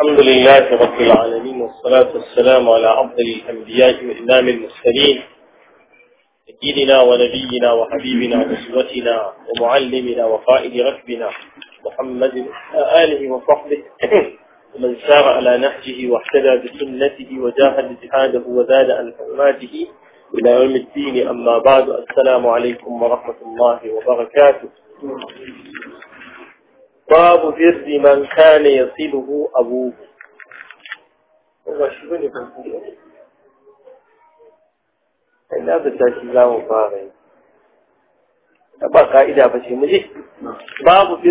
الحمد لله رب العالمين والصلاة والسلام على أفضل الأنبياء وإمام المرسلين سيدنا ونبينا وحبيبنا وأسوتنا ومعلمنا وقائد ركبنا محمد آله وصحبه ومن سار على نهجه واهتدى بسنته وجاهد جهاده وزاد عن حرماته إلى يوم الدين أما بعد السلام عليكم ورحمة الله وبركاته babu birri man kana ya abu ina da za mu fara yi babu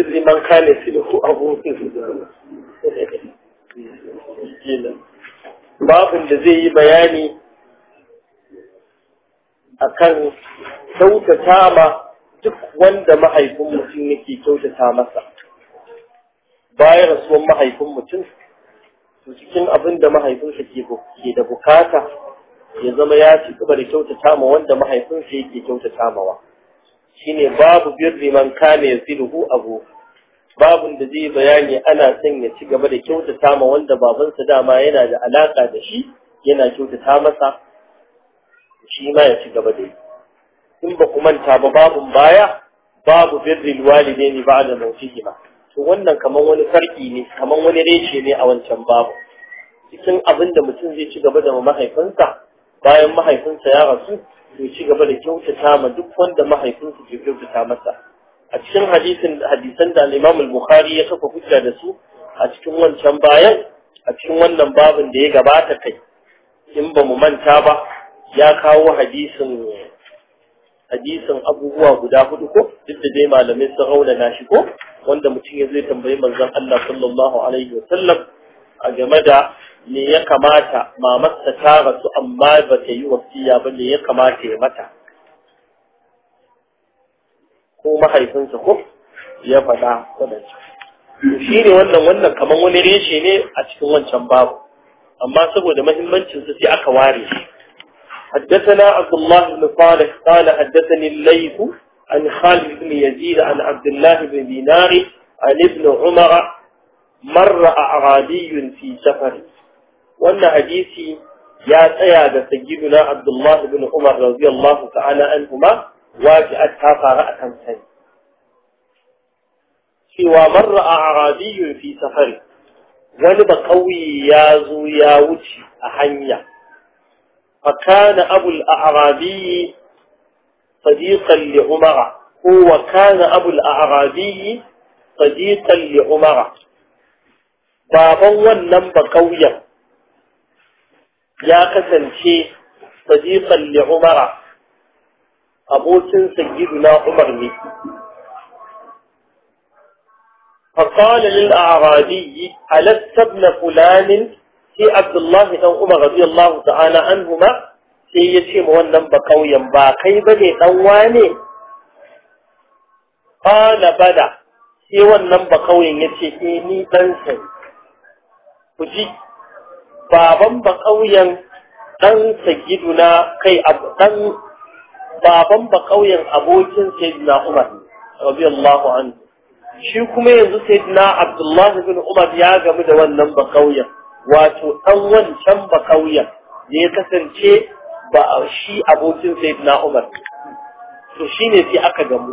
da zai yi bayani akan kyautata ma duk wanda mahaifin mutum yake kyautata masa bayan rasuwan mahaifin mutum to cikin abin da mahaifinsa ke da bukata ya zama ya ci gaba da kyautata ma wanda mahaifinsa yake kyautata mawa shine babu birri man kana yasiluhu abu babun da zai bayani ana son ya ci gaba da kyautata ma wanda babansa dama yana da alaka da shi yana kyautata masa shi ma ya ci gaba da yi in ba ku manta ba babun baya babu birri walidaini ba'da mawtihima to wannan kaman wani sarki ne kaman wani reshe ne a wancan babu cikin abin da mutum zai ci gaba da mahaifinsa bayan mahaifinsa ya rasu to ci gaba da kyautata ma duk wanda mahaifinsa ke kyautata masa a cikin hadisin hadisan da imam bukhari ya saka hujja da su a cikin wancan bayan a cikin wannan babin da ya gabata kai in ba mu manta ba ya kawo hadisin hadisin abubuwa guda hudu ko duk da dai malamai sun na shi ko wanda mutum ya zai tambayi manzon Allah sallallahu alaihi wa sallam a game da me ya kamata mamarsa ta rasu amma ba ta yi wasiya ba me ya kamata ya mata ko mahaifinsa ko ya faɗa wadanda shi ne wannan wannan kamar wani reshe ne a cikin wancan babu amma saboda mahimmancin su sai aka ware shi حدثنا عبد الله بن صالح قال حدثني الليث عن خالد بن يزيد عن عبد الله بن دينار عن ابن عمر مر أعرابي في سفر وأن حديثي يا سيادة سيدنا عبد الله بن عمر رضي الله تعالى عنهما واجأتها قراءة سنة سوى مر أعرابي في سفر ولد قوي يا زويا ya zo فكان أبو الأعرابي صديقا لعمر هو كان أبو الأعرابي صديقا لعمر baban wannan قويا يا ya شيء صديقا لعمر أبو abokin sayyiduna عمر لي فقال للأعرابي ألست ابن فلان في عبد الله بن عمر رضي الله تعالى عنهما sai ya ce ma wannan ba kauyen ba kai ba ne ɗan wane ƙala bada sai wannan ba kauyen ya ce e ni sai ku ji baban ba kauyen ɗansa giduna kai abu ɗan baban ba kauyen abokin sayyidina umar radiyallahu anhu shi kuma yanzu sayyidina abdullahi bin umar ya gamu da wannan ba kauyen wato ɗan wancan ba kauyen da ya kasance ba a shi abokin na Umar to shi ne sai aka gamu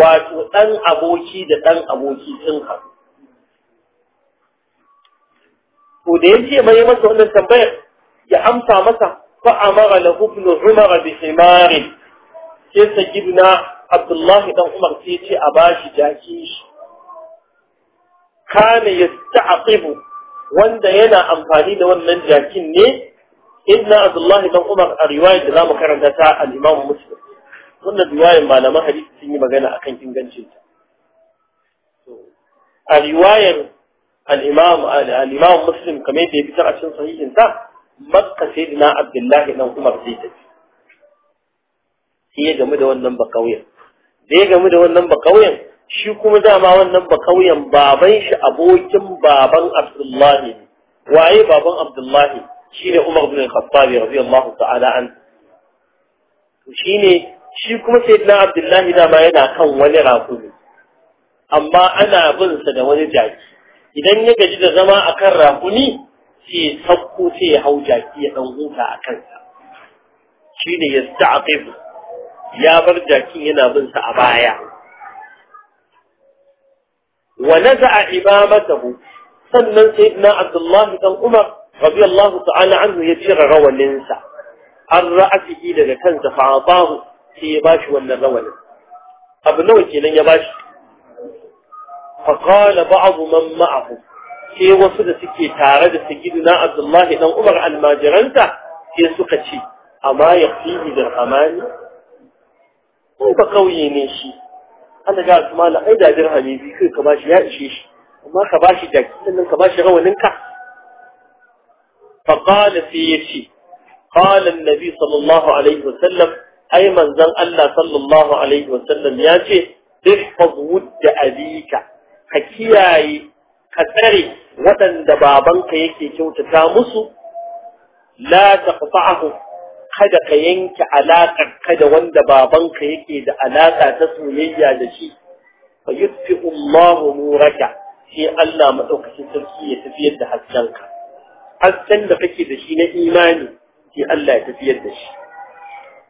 wato dan aboki da dan aboki sun haɗu to da yace mai masa wannan tambayar ya amsa masa fa amara lahu ibn Umar bi himar sai gibna Abdullah dan Umar sai ce a bashi jaki shi kana ta'aqibu wanda yana amfani da wannan jakin ne ibn abdullah dan umar a riwayar da zamu karanta ta al-imam muslim wannan riwayar malaman hadisi sun yi magana akan ingancin ta a riwayar al-imam al-imam muslim kamar yadda ya fitar a cikin sahihin sa makka sayyidina abdullah dan umar zai tafi sai ya gamu da wannan bakauyen da ya gamu da wannan bakauyen shi kuma dama wannan bakauyen baban shi abokin baban abdullahi waye baban abdullahi Shi ne Umar bin Khattabi radiyallahu ta'ala an to shine shi kuma sayyidina Abdullahi dama yana kan wani rakumi amma ana bin sa da wani jaki idan ya gaji da zama akan rakumi sai sakko sai ya hau jaki ya dan huta a kansa shi ne ya bar jakin yana bin sa a baya wa naza'a imamatahu sannan sayyidina Abdullahi dan Umar رضي الله تعالى عنه روى غوى الإنسى الرأته لك كنز فعطاه في باش ولا غوى أبنوك لن يباش فقال بعض من معه في وصد سكي تارد سجدنا عبد الله نو أمر عن ما جرنت في سكتي أما يقفيه بالأمان هو بقوي نيشي أنا قال ثمالا أيدا درهمي بيكو كباش يأشيش وما كباش جاكسن من كباش روى ننكح فقال سيتي قال النبي صلى الله عليه وسلم أي من زن الله صلى الله عليه وسلم ياتي احفظ ود أبيك حكياي كتري ودن دبابنك يكي كوت تامس لا تقطعه kada ka yanke alaƙar kada wanda babanka yake da alaƙa ta soyayya da shi fa yutfi Allahu nuraka sai Allah madaukakin sarki ya tafiyar da haskenka hasken da kake da shi na imani sai Allah ya tafiyar da shi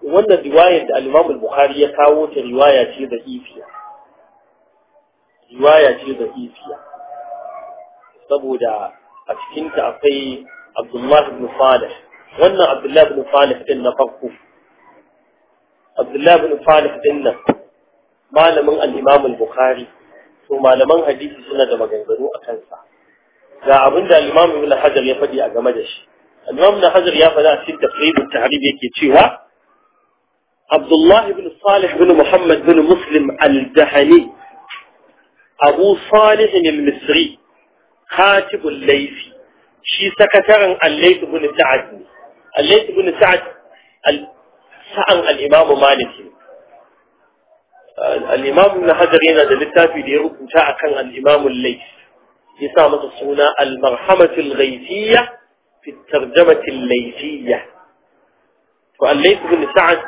wannan riwayar da al-Imam al-Bukhari ya kawo ta riwaya ce da ifiya riwaya ce da ifiya saboda a cikin ta akwai Abdullah ibn Salih wannan Abdullah ibn Salih din na farko Abdullah ibn Salih din nan malamin al-Imam al-Bukhari to malaman hadisi suna da maganganu a kansa ga abin da al-Imam Ibn Hajar ya faɗi a game da shi al-Imam Ibn Hajar ya faɗa a cikin tafsirin tahrib yake cewa Abdullah ibn Salih ibn Muhammad ibn Muslim al-Dahani Abu Salih al-Misri katibul Laythi shi sakataren al-Layth ibn Sa'd al-Layth ibn Sa'd sa'an al-Imam Malik al-Imam Ibn Hajar yana da littafi da ya rubuta akan al-Imam al-Layth إصامة هنا المرحمة الغيثية في الترجمة الليثية وأليس بن سعد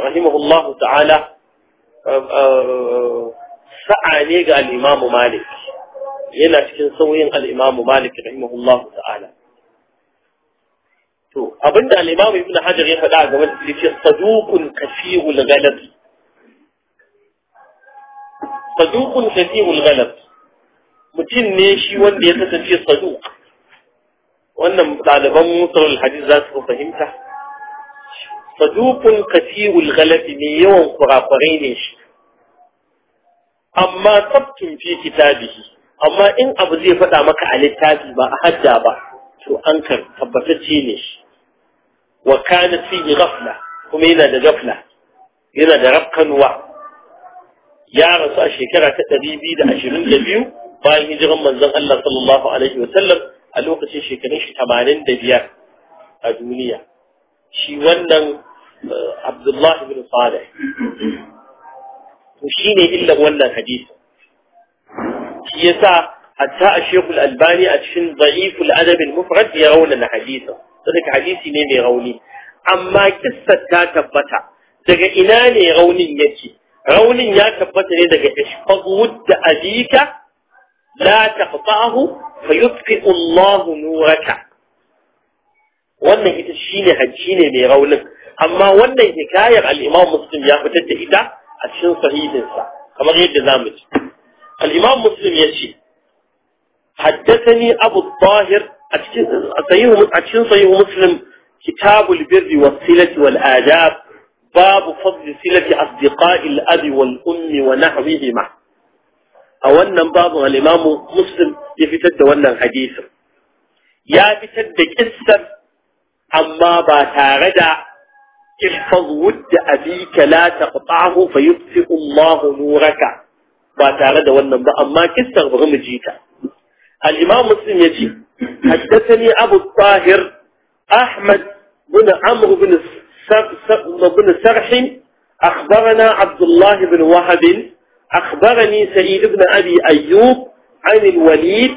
رحمه الله تعالى آه، آه، سعى ليق الإمام مالك ينا شكين سوين الإمام مالك رحمه الله تعالى أبدا الإمام ابن حجر يحدى زمن لفي صدوق كثير الغلب صدوق كثير الغلب mutum ne shi wanda ya kasance sadu wannan daliban musulun hadis za su fahimta sadukun kasirul galafi ne yawan kurakurai ne shi amma sabtun fi kitabihi amma in abu zai fada maka a littafi ba a hajja ba to an kar tabbatacce ne shi wa kana fihi ghafla kuma yana da ghafla yana da rafkanuwa ya rasu a shekara ta 222 bayan hijiran manzon Allah sallallahu alaihi wa sallam a lokacin shekarun shi 85 a duniya shi wannan eh, Abdullah ibn Salih to shine illar wannan hadisi shi yasa hatta a Sheikhul Albani a cikin Da'iful Adab al-Mufrad ya rauna hadisa Sadaka hadisi ne mai rauni amma kissar ta tabbata daga ina ne raunin yake raunin ya tabbata ne daga ishfaqud da abika لا تقطعه فيطفئ الله نورك wannan ita shine hajji ne mai raunin amma wannan hikayar al-Imam Muslim ya fitar da ita a cikin sahihinsa kamar yadda zamu ji al-Imam Muslim yace haddathani Abu Tahir a cikin sahihu a cikin sahihu Muslim kitabul birri was silati wal adab babu fadl silati asdiqa'il abi wal ummi wa nahwihima a wannan babu al-imamu muslim ya fitar da wannan hadisi ya fitar da kissar amma ba tare da ihfaz wudda abika la taqta'hu fayutfi Allah nuraka ba tare da wannan ba amma kissar bari mu jita al-imam muslim ya yace haddathani abu tahir ahmad bin amr bin bin sarh akhbarana abdullah bin wahab أخبرني سعيد بن أبي أيوب عن الوليد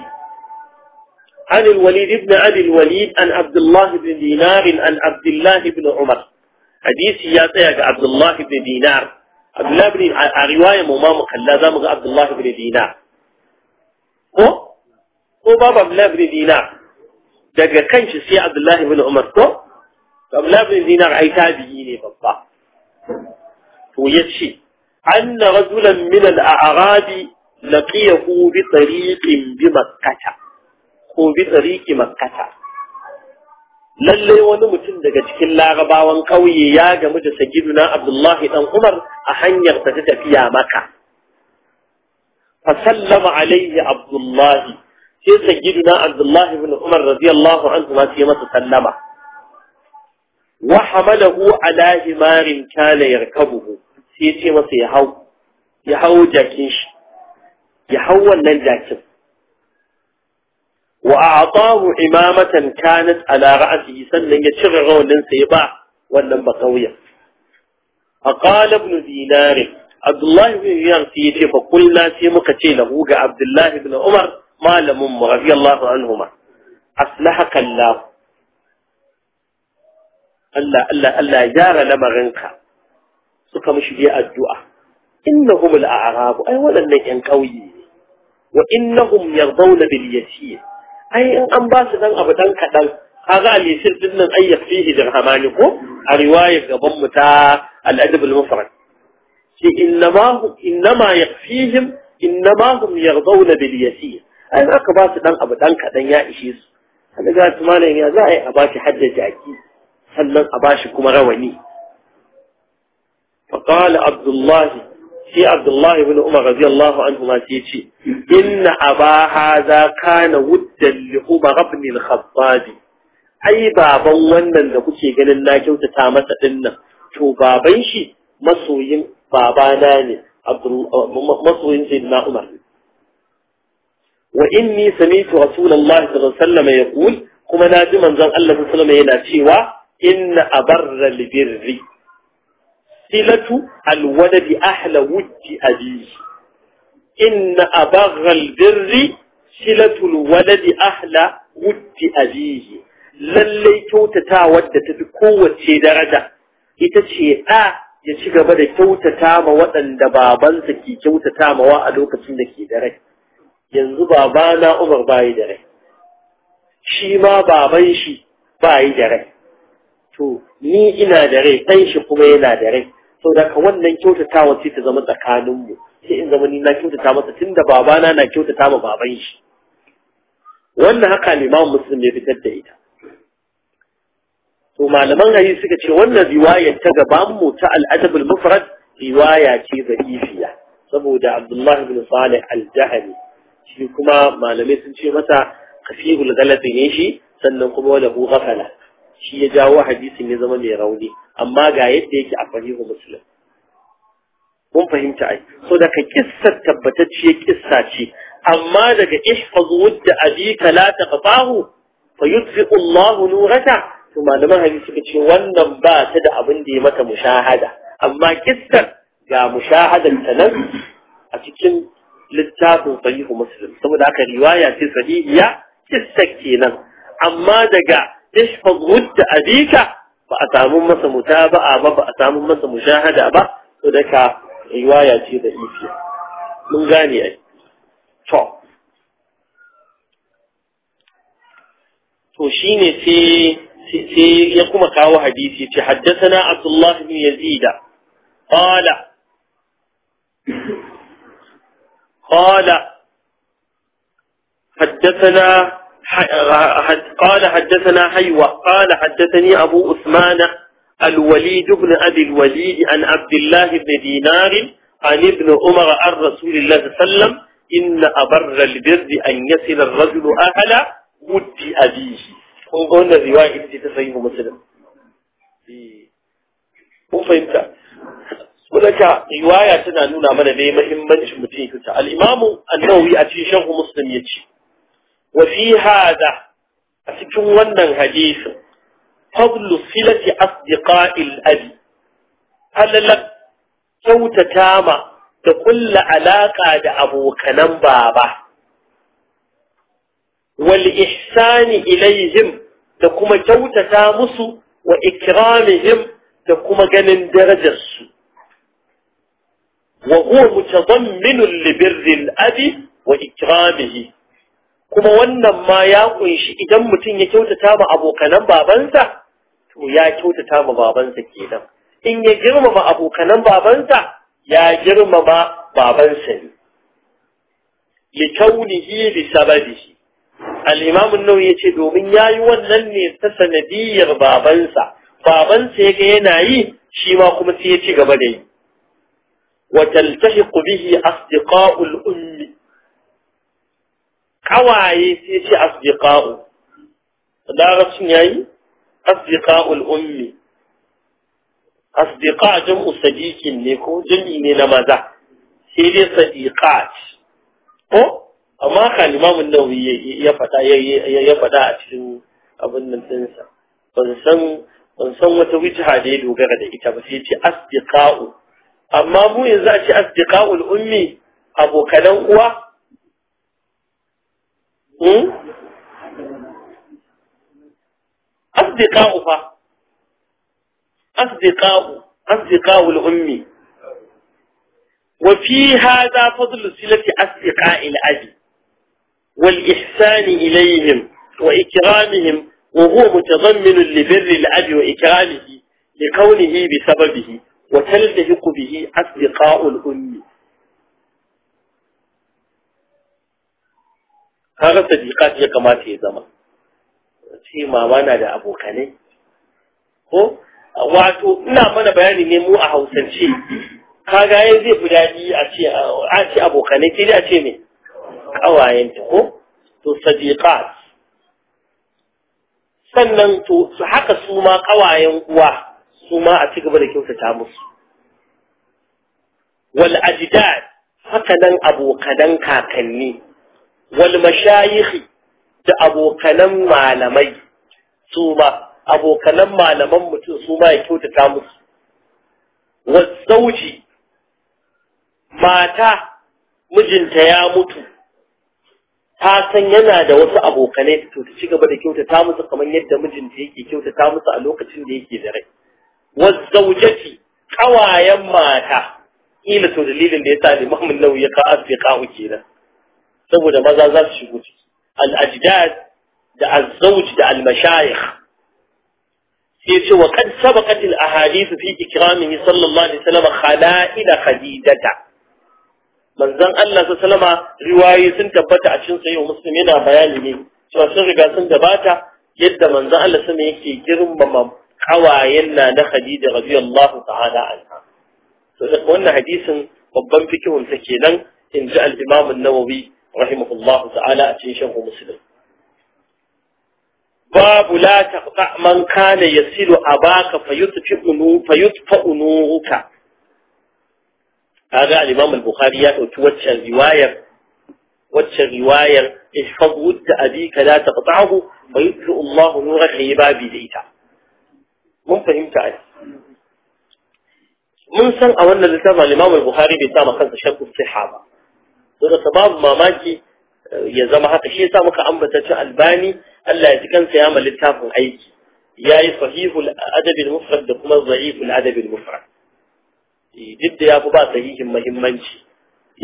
عن الوليد بن أبي الوليد عن عبد الله بن دينار عن عبد الله بن عمر حديث ياتيك عبد الله بن دينار عبد الله بن رواية مما مخلدة عبد الله بن دينار هو هو باب عبد الله بن دينار دقا كنش سي عبد الله بن عمر تو عبد الله بن دينار tabi'i ne babba to أن رجلا من الأعراب لقيه بطريق بمكة ko bi tsariki makkata lallai wani mutum daga cikin larabawan ƙauye ya gamu da sagiduna abdullahi dan umar a hanyar ta tafiya maka fa sallama alaihi abdullahi sai sagiduna abdullahi ibn umar radiyallahu anhu ma sai masa sallama wa hamalahu ala himarin kana yarkabuhu يتي بس يهو يهو جاكيش يهو الليل جاكب وأعطاه إمامة كانت على رأسه سنة يتشغعه لنسى يباع ولن بقوية أقال ابن دينار عبد الله بن ذينار سيتي فقلنا سيمك تيله عبد الله بن عمر ما لم رضي الله عنهما أصلحك الله الله الله الله جار لما لمغنك سكمش بيا الدعاء إنهم الأعراب أي ولا نجن قوي وإنهم يرضون باليسير أي أن باس دان أبدان كدان هذا اللي يصير بدنا أي فيه درهمانكم الرواية قبمة الأدب المفرد في إنما هم إنما يخفيهم إنما هم يرضون باليسير أي أن باس دان أبدان كدان يا إشيز أنا قالت مالين يا زاي أباش حد جاكي هل من أباشكم رواني فقال عبد الله في عبد الله بن عمر رضي الله عنهما تيجي إن أبا هذا كان ودا لعمر بن الخطاب أي بابا ونن لكي قال لنا جوت تامت إن توبابين شي مصوين باباناني عبد الله مصوين سيدنا عمر وإني سميت رسول الله صلى الله عليه وسلم يقول كما نادي من الله صلى الله عليه وسلم ينا إن أبر لبري صلة الولد أحلى ود أبيه إن أبغى البر صلة الولد أحلى ود أبيه للي توتا تا ود تتكوة درجة إتشي أ آه، يشيغ بدي توتا تا ما ودن دبابان سكي توتا تا ما وادوك تنكي درجة ينزو بابانا عمر باي درجة شيما بابانشي باي درجة تو ni ina da rai kanshi kuma yana da rai sau da ka wannan kyautatawa ce ta zama tsakaninmu sai in zama ni na kyautata masa tun da babana na kyautata ma baban shi wannan haka limamin muslim ya fitar da ita to malaman hadisi suka ce wannan riwayar ta gabanmu ta al'adabul mufrad riwaya ce zarifiya saboda abdullahi bin salih al-jahali shi kuma malamai sun ce masa kafihul galabi ne shi sannan kuma wala hu ghafala shi ya jawo hadisin ya zama mai rauni amma ga yadda yake a Fahimu muslim kun fahimta ai so daga kissar tabbatacciya kissa ce amma daga ihfaz wadda abika la taqfahu fa yudfi'u nurata to malaman hadisi suka ce wannan ba ta da abin da ya maka mushahada amma kissar ga mushahadar ta nan a cikin littafin sahihu muslim saboda haka riwaya ce sahihiya kissar kenan amma daga احفظ غد أبيك فأتامون مسا متابعة فأتامون مسا مشاهدة فذلك رواية جيدة إيفية من غانية شو توشيني في يقوم كاو حديثي في حدثنا عبد الله بن يزيد قال قال حدثنا آه، قال حدثنا حيوة قال حدثني أبو أثمان الوليد بن أبي الوليد عن عبد الله بن دينار عن ابن عمر عن رسول الله صلى الله عليه وسلم إن أبر البر أن يصل الرجل أهل ود أبيه وقلنا الرواية التي تصيب مسلم وفهمت ولك رواية تنا عمل بي مهمة الإمام النووي أتي شرح مسلم يتشي wa fi a cikin wannan hadisin fadlu silati asdiqa'il abi halala kyautata ma da kulla alaƙa da abokanan baba wal ihsani ilaihim da kuma kyautata musu wa ikramihim da kuma ganin darajarsu wa huwa mutadamminun li birril abi wa ikramihi kuma wannan ma ya kunshi idan mutum ya kyautata ma abokanan babansa to ya kyautata ma babansa kenan in ya girmama abokanan babansa ya girmama babansa ne likaunihi bi sababihi al-imam an-nawawi yace domin yayi wannan ne ta sanadiyar babansa babansa yaga yana yi shi ma kuma sai ya ci gaba da yi wa taltahiqu bihi asdiqa'ul ummi kawaye sai ce asdiqa'u darasin yayi asdiqa'ul ummi asdiqa jam'u sadiqin ne ko jam'i ne na maza sai dai sadiqat ko amma ka limamin nawawi ya fada ya fada a cikin abin nan sa ban san ban san wata wujha da ya dogara da ita ba sai ce asdiqa'u amma mu yanzu a ce asdiqa'ul ummi abokan uwa أصدقاء إيه؟ أصدقاء أصدقاء الأمي وفي هذا فضل صلة أصدقاء الأب والإحسان إليهم وإكرامهم وهو متضمن لبر الأب وإكرامه لكونه بسببه وتلتهق به أصدقاء الأم kaga Sadiqa ya kamata ya zama shi mama na da abokanai ko wato ina mana bayani ne mu a hausance kaga ya zai fi daɗi a ce a ce abokanai sai a ce me kawayen ko to Sadiqa? sannan to su haka su ma kawayen uwa su ma a ci gaba da kyautata musu wal ajdad haka nan abokanan kakanni wal mashayikhi da abokanan malamai su ma abokanan malaman mutum su ma ya kyautata musu zauji mata mijinta ya mutu ta san yana da wasu abokanai to ta ci gaba da kyautata musu kamar yadda mijinta yake kyautata musu a lokacin da yake da rai wazzaujati ƙawayen mata ila to dalilin da ya sa Imam Nawawi ya ka asbi kawo kenan saboda maza za su shigo ciki al-ajdad da az da al-mashayikh sai ce wa kad sabaqat al-ahadith fi ikramihi sallallahu alaihi wasallam khala'ila khadijata manzon Allah sallama riwayoyi sun tabbata a cikin sayyid muslim yana bayani ne cewa sun riga sun gabata yadda manzon Allah sama yake girmama kawayen na na Khadija radiyallahu ta'ala anha to wannan hadisin babban fikihun kenan in ji al-Imam an-Nawawi رحمه الله تعالى أتنشه مسلم باب لا تقطع من كان يسيل أباك فيطفئ نورك هذا الإمام البخاري يتوجه الرواية وجه الرواية احفظ ود أبيك لا تقطعه فيطفئ الله نورك يباب بيتا mun fahimta ai من san a wannan littafin الامام البخاري al-Bukhari bai don haka babu mamaki ya zama haka shi yasa muka ambata ci albani Allah ya ji kansa ya ma tafin aiki yayi sahihul adab al mufrad da kuma dhaiful adab al mufrad duk da yafi ba sahihin muhimmanci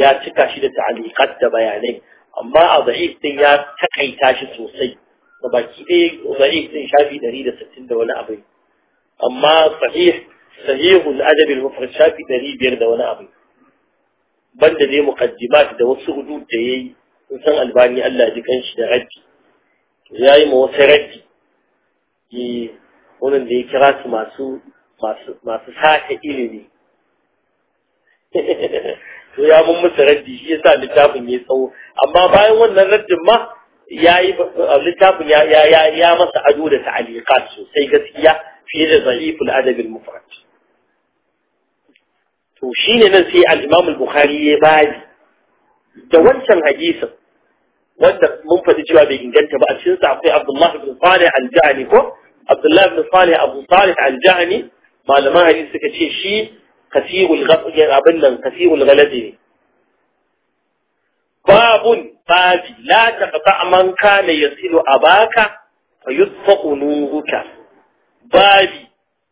ya cika shi da ta'aliqat da bayanai amma a dhaif din ya takaita shi sosai ba baki dai dhaif din shafi 160 da wani abu amma sahih sahihul adab al mufrad shafi 200 da wani abu banda dai muqaddimat da wasu hudud da yayi sun san albani Allah ji kanshi da raddi yayi ma wasu raddi eh wannan da ya kira su masu masu masu sata ilimi to ya mun musu raddi shi yasa littafin ya tsawo amma bayan wannan raddin ma yayi littafin ya ya ya masa ado da ta'aliqat sosai gaskiya fiye da zaliful adab al-mufrad to shine nan sai al-Imam al-Bukhari ya bayi da wancan hadisin wanda mun faɗi cewa bai inganta ba a cikin sa akwai Abdullah ibn Salih al-Ja'ani ko Abdullah ibn Salih Abu Salih al-Ja'ani malaman hadisi suka ce shi kasirul ghafiyar abin nan kasirul ghalati ne babun babi la taqta man kana a abaka fa yutfaqu nuruka babi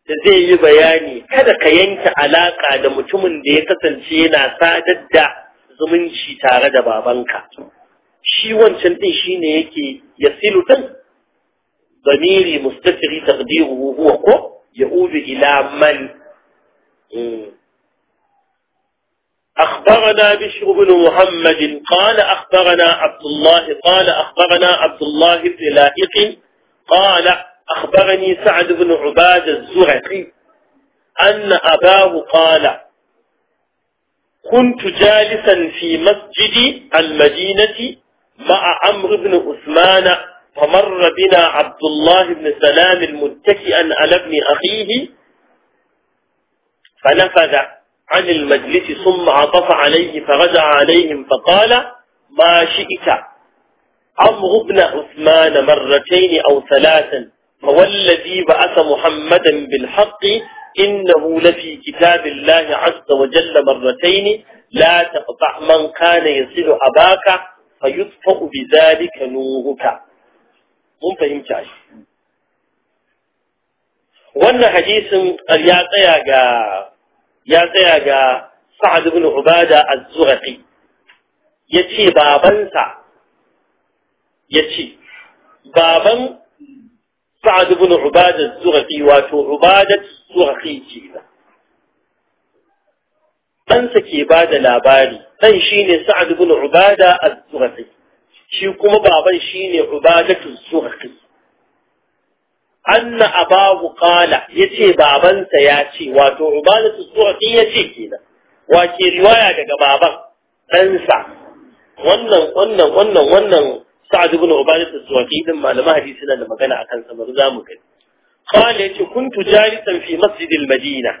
zai yi bayani kada ka yanke alaka da mutumin da ya kasance yana sadar da zumunci tare da babanka shi wancan din shi ne yake ya silu ɗin zamiri mustafiri taqdiruhu huwa ko ya udu ila man أخبرنا بشر بن محمد قال أخبرنا عبد الله قال أخبرنا عبد الله بن لائق قال أخبرني سعد بن عباد الزهري أن أباه قال كنت جالسا في مسجد المدينة مع عمرو بن عثمان فمر بنا عبد الله بن سلام متكئا على ابن أخيه فنفذ عن المجلس ثم عطف عليه فرجع عليهم فقال ما شئت عمرو بن عثمان مرتين أو ثلاثا فوالذي بعث محمدا بالحق إنه لفي كتاب الله عز وجل مرتين لا تقطع من كان يصل أباك فيطفأ بذلك نورك mun fahimta shi wannan hadisin ya ga ya tsaya ga sa'ad ibn ubada az-zurqi yace babansa yace baban sa'ad ibn ubada zurqi wato ubada zurqi ce ɗansa ke ba da labari ɗan shi ne sa'ad ibn ubada az-zurqi shi kuma baban shi ne ubadatu zurqi anna abahu qala yace babansa ya ce wato ubadatu zurqi yace kenan wa ke riwaya daga baban ɗansa wannan wannan wannan wannan سعد بن عبادة السواكيد ما لما هديثنا لما كان عكان سمر زامك قال يتي كنت جالسا في مسجد المدينة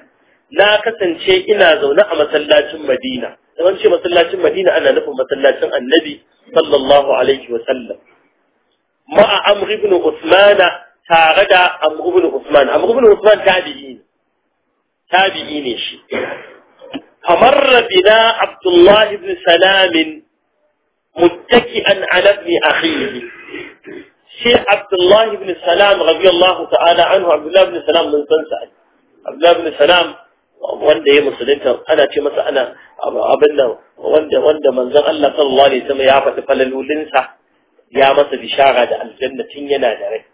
لا كسن شيء نازو نعم مسلاة المدينة لمن شيء مسلاة مدينة أنا نفهم مسلاة النبي صلى الله عليه وسلم ما أمر ابن عثمان تاغدا أمر بن عثمان أمر ابن عثمان تابعين تابعين شيخ فمر بنا عبد الله بن سلام متكئا على ابن أخيه شيخ عبد الله بن سلام رضي الله تعالى عنه عبد الله بن سلام من سنسى عبد الله بن سلام وانده مسلمته انا تي مسا ابن وانده وانده من زن الله صلى الله عليه وسلم يعفت فللولنسا يا مسا بشاغة الجنة تنينا داري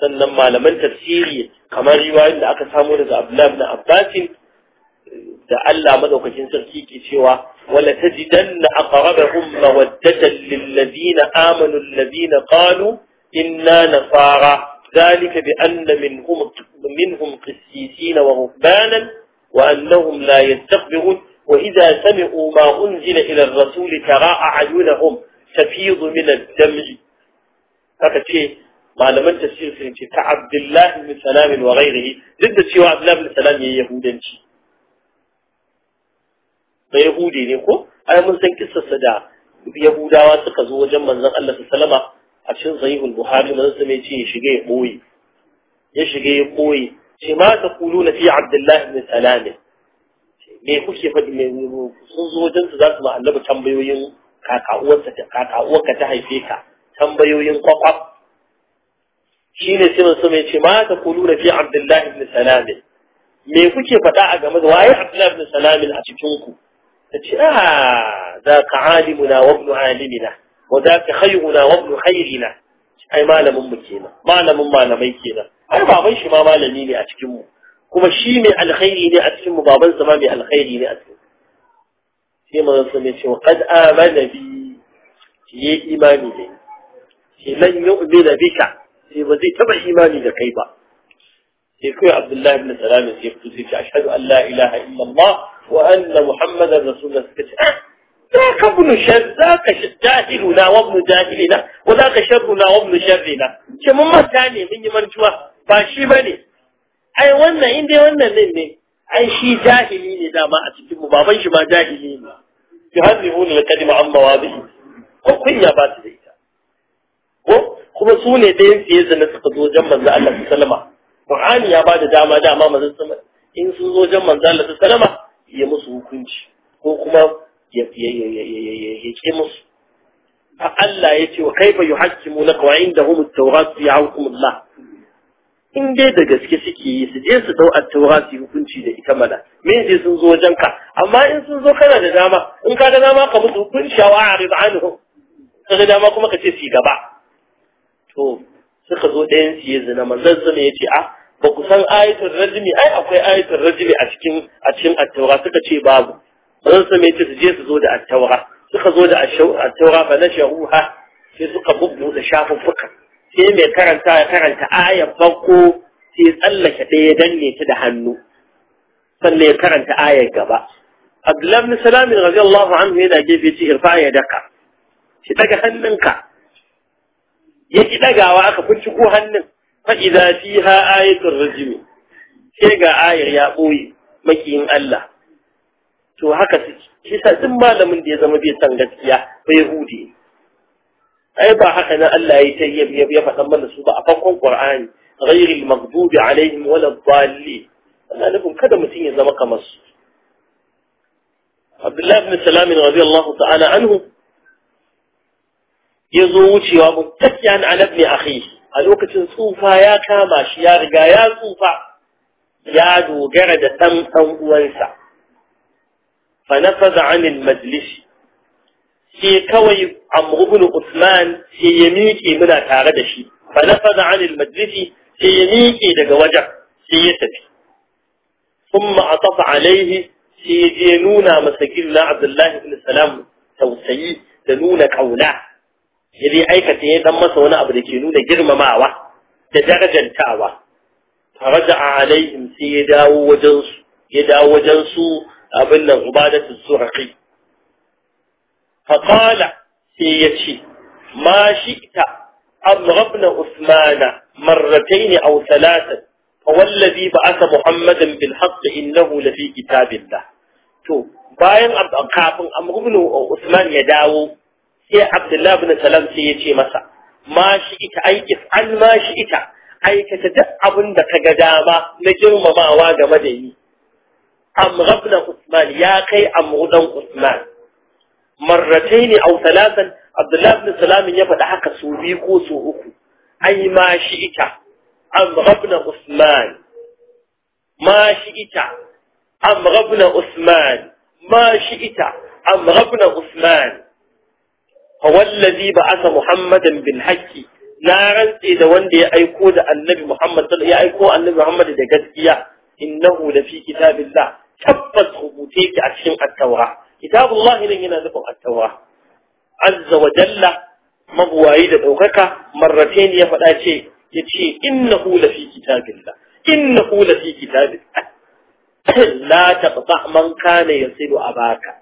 سنما لمن تفسيري كما رواه عند اكسامور عبد الله بن عباس da Allah madaukakin sarki ke cewa wala tajidanna aqrabahum mawaddatan lil ladina amanu alladhina qalu inna nasara ذلك بأن منهم منهم قسيسين ورهبانا وأنهم لا يستكبرون وإذا سمعوا ما أنزل إلى الرسول ترى أعينهم تفيض من الدمع فكتي malaman tafsir sun ce ta Abdullahi bin Salam wa ghairihi duk da cewa Abdullahi bin Salam yayi yahudanci ba yahudi ne ko ai mun san kissarsa da yahudawa suka zo wajen manzon Allah sallama a cikin sahihul buhari manzon sa ce ya shige ya koyi ya shige ya koyi ce ma ta na fi abdullahi bin salam me kuke faɗi me sun zo wajen su za su ma annabi tambayoyin kaka'uwarsa kaka'uwarka ta haife ka tambayoyin kwakwaf shi ne sai manzo mai ce ma ta kulu na fi abdullahi bin salam me kuke faɗa a game da waye abdullahi bin salam a cikin ku za تتشي آه ذاك عالمنا وابن عالمنا وذاك خيرنا وابن خيرنا ai malamin mu kenan malamin malamai kenan ai baban shi ma malami ne a cikin mu kuma shi mai alkhairi ne a cikin mu baban zama mai alkhairi ne a cikin sai mazan sun ce wa qad amana bi yi imani ne shi lan bi bika sai ba zai taba imani da kai ba sai kai Abdullahi ibn Salam ya fito sai ce ashhadu an la ilaha illa Allah wa Muhammadar Rasulullah suka ce ذاك ابن شر ذاك جاهلنا وابن جاهلنا وذاك شرنا وابن شرنا كما ما ثاني من يمن جوا ba wannan inda wannan din ne ai shi jahili ne dama a cikin mu baban shi ma jahili ne yuhannihun al-kalima amma wadi ko kunya ba su da ita ko kuma da yin fiye zina Qur'ani ya bada dama dama manzon sama in sun zo jan manzon Allah sallama ya musu hukunci ko kuma ya ke musu Allah ya ce wa kaifa yuhakkimu na qawain wa hum at-tawrat ya'ukum Allah in dai da gaske suke yi su je su dau at-tawrat hukunci da ita mana me je sun zo wajen amma in sun zo kana da dama in ka ga dama ka musu hukunci wa a'rid anhum kaga dama kuma ka ce su gaba to suka zo ɗayan su ya zina manzon sama ya ce a ah, ba ku san ayatul rajmi ai akwai ayatul rajmi a cikin a cikin at-taura suka ce babu sun sa mai su je su zo da at-taura suka zo da at-taura fa na sharuha sai suka bubbu da shafin shafuffuka sai mai karanta ya karanta ayar farko sai tsallake ɗaya danne ta da hannu sannan ya karanta ayar gaba Abdullahi bin Salam radiyallahu anhu yana gefe ce irfa ya daka shi daga hannunka ya ki dagawa aka kunci ko hannun فإذا فيها آية الرجم كيغا آية يا أوي مكين الله شو هكا كيسا سمى لمن دي زمدية تنغتيا ويهودي أيضا هكا نا الله يتهي بي بي فتما نسوب أفقه القرآن غير المغضوب عليهم ولا الضالي أنا لكم كذا مسيني زمكا مصر عبد الله بن سلام رضي الله تعالى عنه يزوجي ومتكيا على ابن أخيه a lokacin tsufa ya kama shi ya riga ya tsufa ya dogara da dan dan uwansa fa nafaza an al majlis shi kawai amru ibn usman shi ya miƙe muna tare da shi fa nafaza an al majlis shi ya miƙe daga wajen shi ya tafi thumma atafa alaihi shi ya je nuna masa gilla abdullahi ibn salam tausayi da nuna kauna ya aikata ya dan masa wani abu da ke nuna girmamawa da darajantawa faraja alaihim sai ya dawo wajen su ya dawo wajen su abin nan ibadatu suraqi fa qala sai ya ce ma shi'ta amrabna usmana marratayn aw thalathan فوالذي بعث محمدا بالحق da innahu كتاب kitabillah to bayan kafin amrubnu usman ya dawo sai abdullahi bin salam sai ya ce masa ma shi ita aikis an ma shi ita aikata duk abin da ka ga dama na girmamawa game da ni amrabna usman ya kai amrudan usman marratai ne au talatan abdullahi bin salam ya faɗi haka su biyu ko su uku ai ma shi ita amrabna usman ma shi ita amrabna usman ma shi ita amrabna usman فوالذي بعث محمدا بالحق نارا إذا وندي أيكو ذا النبي محمد صلى الله عليه أيكو النبي محمد إذا قد إنه لفي كتاب الله ثبت خبوتيك أشم التوراة كتاب الله لنهينا ذكم التوراة عز وجل مبوايد أوكاكا مرتين يفعل شيء يتشي إنه لفي كتاب الله إنه لفي كتاب الله لا تقطع من كان يصير أباكا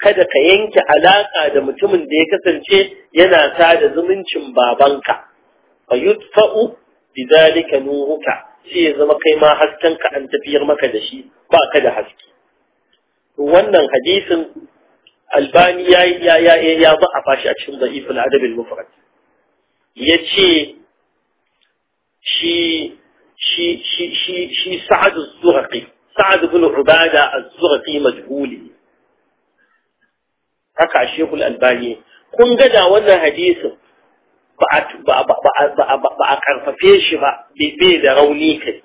kada ka yanke alaƙa da mutumin da ya kasance yana sada zumuncin babanka fa yudfa'u bidhalika nuruka shi ya zama kai ma hasken ka an tafiyar maka da shi ba ka da haske wannan hadisin albani ya ya ya ya ba a fashi a cikin da'if al mufrad yace shi shi shi shi sa'ad az-zurqi sa'ad ibn ubada az majhuli haka shekul albani kun ga wannan hadisin ba a karfafe shi ba bai da rauni kai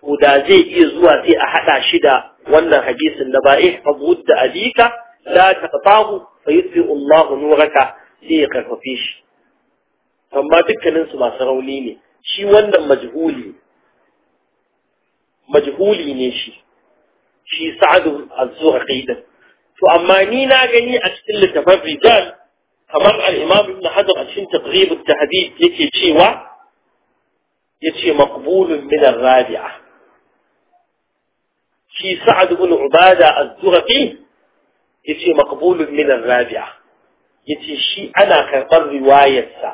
to da zai iya zuwa sai a haɗa shi da wannan hadisin na ba eh fabud da alika la taqtahu fa yutfi Allah nuraka sai ya karfafe shi amma dukkanin su masu rauni ne shi wannan majhuli majhuli ne shi shi sa'adu az to amma ni na gani a cikin littafin rijal kamar al-imam ibn hajar a cikin taqrib at-tahdid yake cewa yace maqbulun min ar-rabi'a shi sa'ad ibn ubada az-zurafi yace maqbulun min ar-rabi'a yace shi ana karɓar riwayarsa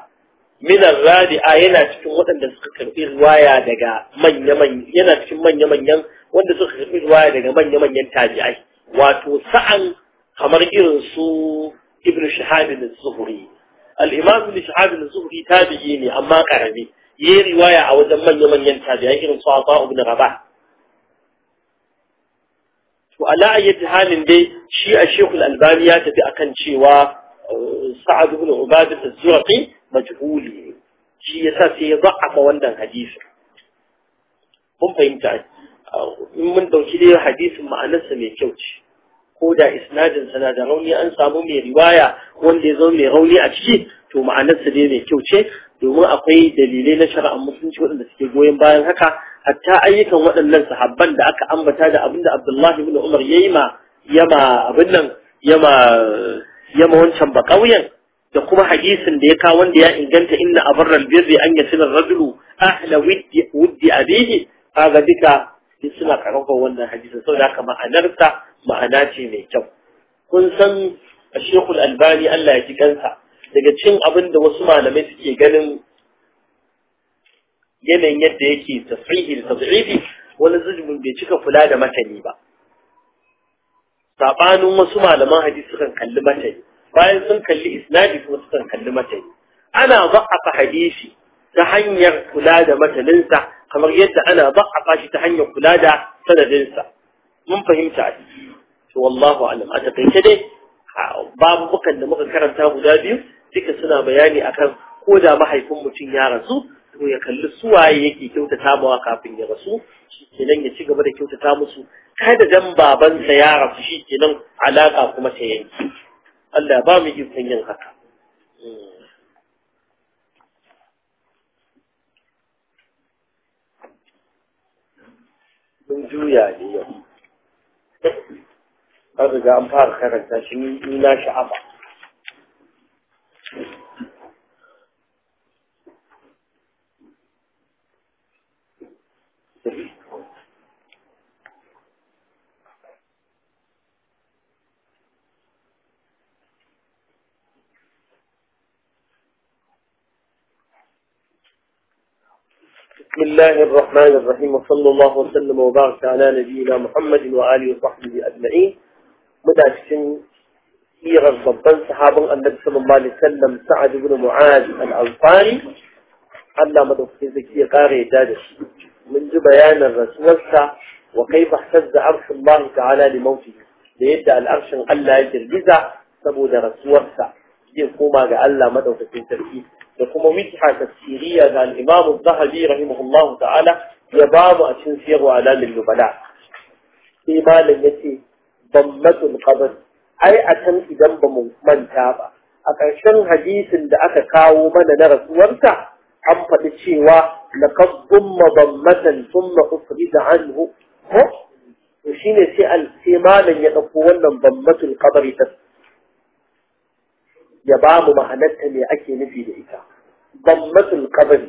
min ar-rabi'a yana cikin waɗanda suka karɓi riwaya daga manya-manyan yana cikin manya-manyan wanda suka karɓi riwaya daga manya-manyan tabi'ai واتو سعل خمر إرسو ابن شهاب الزهري الإمام ابن شهاب الزهري تابعيني أما قربي يي رواية أو زمن يمن ينتابعي يعني إرن صعطاء ابن رباح وعلى أي جهال دي شيء الشيخ الألبانية تبي أكن شيء سعد بن عباد الزرقي مجهول شيء يساسي ضعف وندن حديثه هم فهمتعي in mun dauki dai hadisin ma'anarsa mai kyau ce ko da isnadin sana da rauni an samu mai riwaya wanda ya zama mai rauni a ciki to ma'anarsa dai mai kyau ce domin akwai dalilai na shari'ar musulunci waɗanda suke goyon bayan haka hatta ayyukan waɗannan sahabban da aka ambata da abin da Abdullahi ibn Umar yayi ma yama abin nan yama yama wancan ba kauyen da kuma hadisin da ya kawo wanda ya inganta inna abarral birri an yasila rajulu ahla wuddi wuddi abihi kaga duka duk suna karfafa wannan hadisin saboda haka ma'anarsa ma'ana ce mai kyau kun san Sheikhul Albani Allah ya ji kansa daga cin abin da wasu malamai suke ganin yanayin yadda yake tasrihi da tad'ifi wani bai cika kula da matani ba sabanin wasu malaman hadisi sukan kalli matani bayan sun kalli isnadi kuma sukan kalli matani ana za'afa hadisi ta hanyar kula da mataninsa kamar yadda ana ba'afa shi ta hanyar kula da sanadinsa mun fahimta a to wallahu alam a takaice dai babu bukan da muka karanta guda biyu duka suna bayani akan ko da mahaifin mutum ya rasu ko ya kalli suwaye yake kyautata mawa kafin ya rasu kenan ya ci gaba da kyautata musu kada dan babansa ya rasu shikenan alaka kuma ta yanki Allah ba mu yin haka hmm. sun juya ne yau Ƙarfi riga an fara karanta shi ni na sha'afa الله الرحمن الرحيم وصلى الله وسلم وبارك على نبينا محمد وآله وصحبه أجمعين مداشتين سيرة ضبان صحاب النبي صلى الله عليه وسلم سعد بن معاذ الأنصاري على مدرسة زكية قاري دادش من بيان الرسول وكيف احتز عرش الله تعالى لموته ليبدأ الارشن ألا جزع saboda rasuwarsa zai يقوم على الله madaukakin sarki لكمو ميتحا تفسيرية ذا الإمام الظهبي رحمه الله تعالى يبام أشن سيغو على للبلاء إيمان يتي ضمة القبر أي أتن إذن من تابع أكشن حديث إن دعك كاومن نرس ورسع عم فتشيوا لقد ضم ضمة ثم أفرد عنه هو وشين سيئل يتقوى يتقوون ضمة القبر تفسير ya ba mu ma'anarta me ake nufi da ita dammatul qabri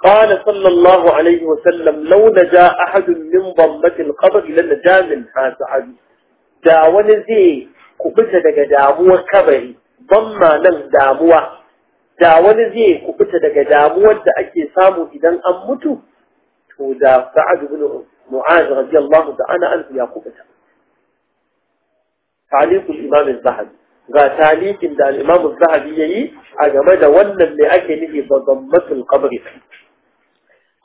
قال صلى الله عليه وسلم لو نجا أحد من ضمة القبر لنجا منها سعد دا ونزي كبتا دقا داموة كبري ضمة نن داموة دا ونزي كبتا دقا داموة دا أكي سامو إذن أمتو ودا سعد بن معاذ رضي الله تعالى عنه يا كبتا تعليق الإمام الزهد ga talikin da al-Imam zahabi yayi a game da wannan ne ake nufi da zammatul qabri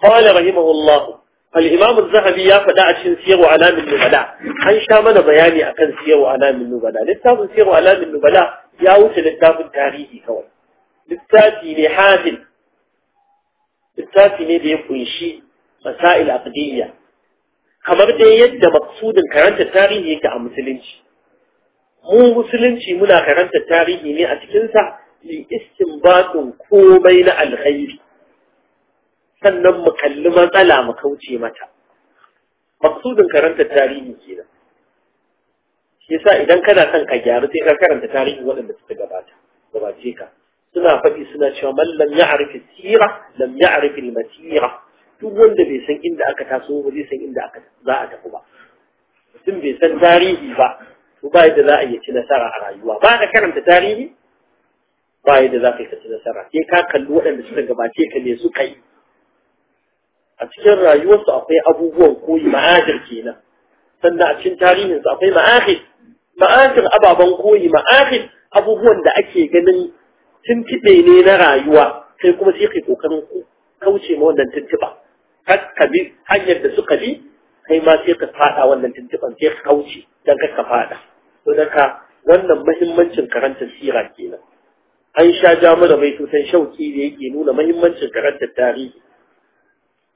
qala rahimahullah al-Imam zahabi ya faɗa a cikin siyar wa alamin nubala an sha mana bayani akan siyar wa alamin nubala littafin siyar wa alamin nubala ya wuce littafin tarihi kawai littafi ne hafil littafi ne da ya kunshi masail aqdiyya kamar dai yadda maksudin karanta tarihi yake a musulunci mu musulunci muna karanta tarihi ne a cikinsa li istinbatun komai na alkhairi sannan mu kalli matsala mu kauce mata maksudin karanta tarihi kenan shi yasa idan kana son ka gyaru sai ka karanta tarihi waɗanda suka gabata gabace ka suna faɗi suna cewa man lam ya'rif sira lam ya'rif al-masira duk wanda bai san inda aka taso ba zai san inda aka za a tafi ba mutum bai san tarihi ba to ba yadda za a yi ci nasara a rayuwa ba ka karanta tarihi ba yadda za ka yi ci nasara sai ka kalli waɗanda suka gabace ka ne su kai a cikin rayuwarsu akwai abubuwan koyi ma'ajir kenan sannan a cikin tarihin su akwai ma'ajir ma'ajir ababen koyi ma'ajir abubuwan da ake ganin tuntuɓe ne na rayuwa sai kuma sai kai kokarin kauce ma wannan tuntuɓa ka bi hanyar da suka bi kai ma sai ka faɗa wannan tuntuɓan sai ka kauce don ka faɗa sadaka wannan mahimmancin karanta sira kenan an sha ja mana mai tutan shauki da yake nuna mahimmancin karanta tarihi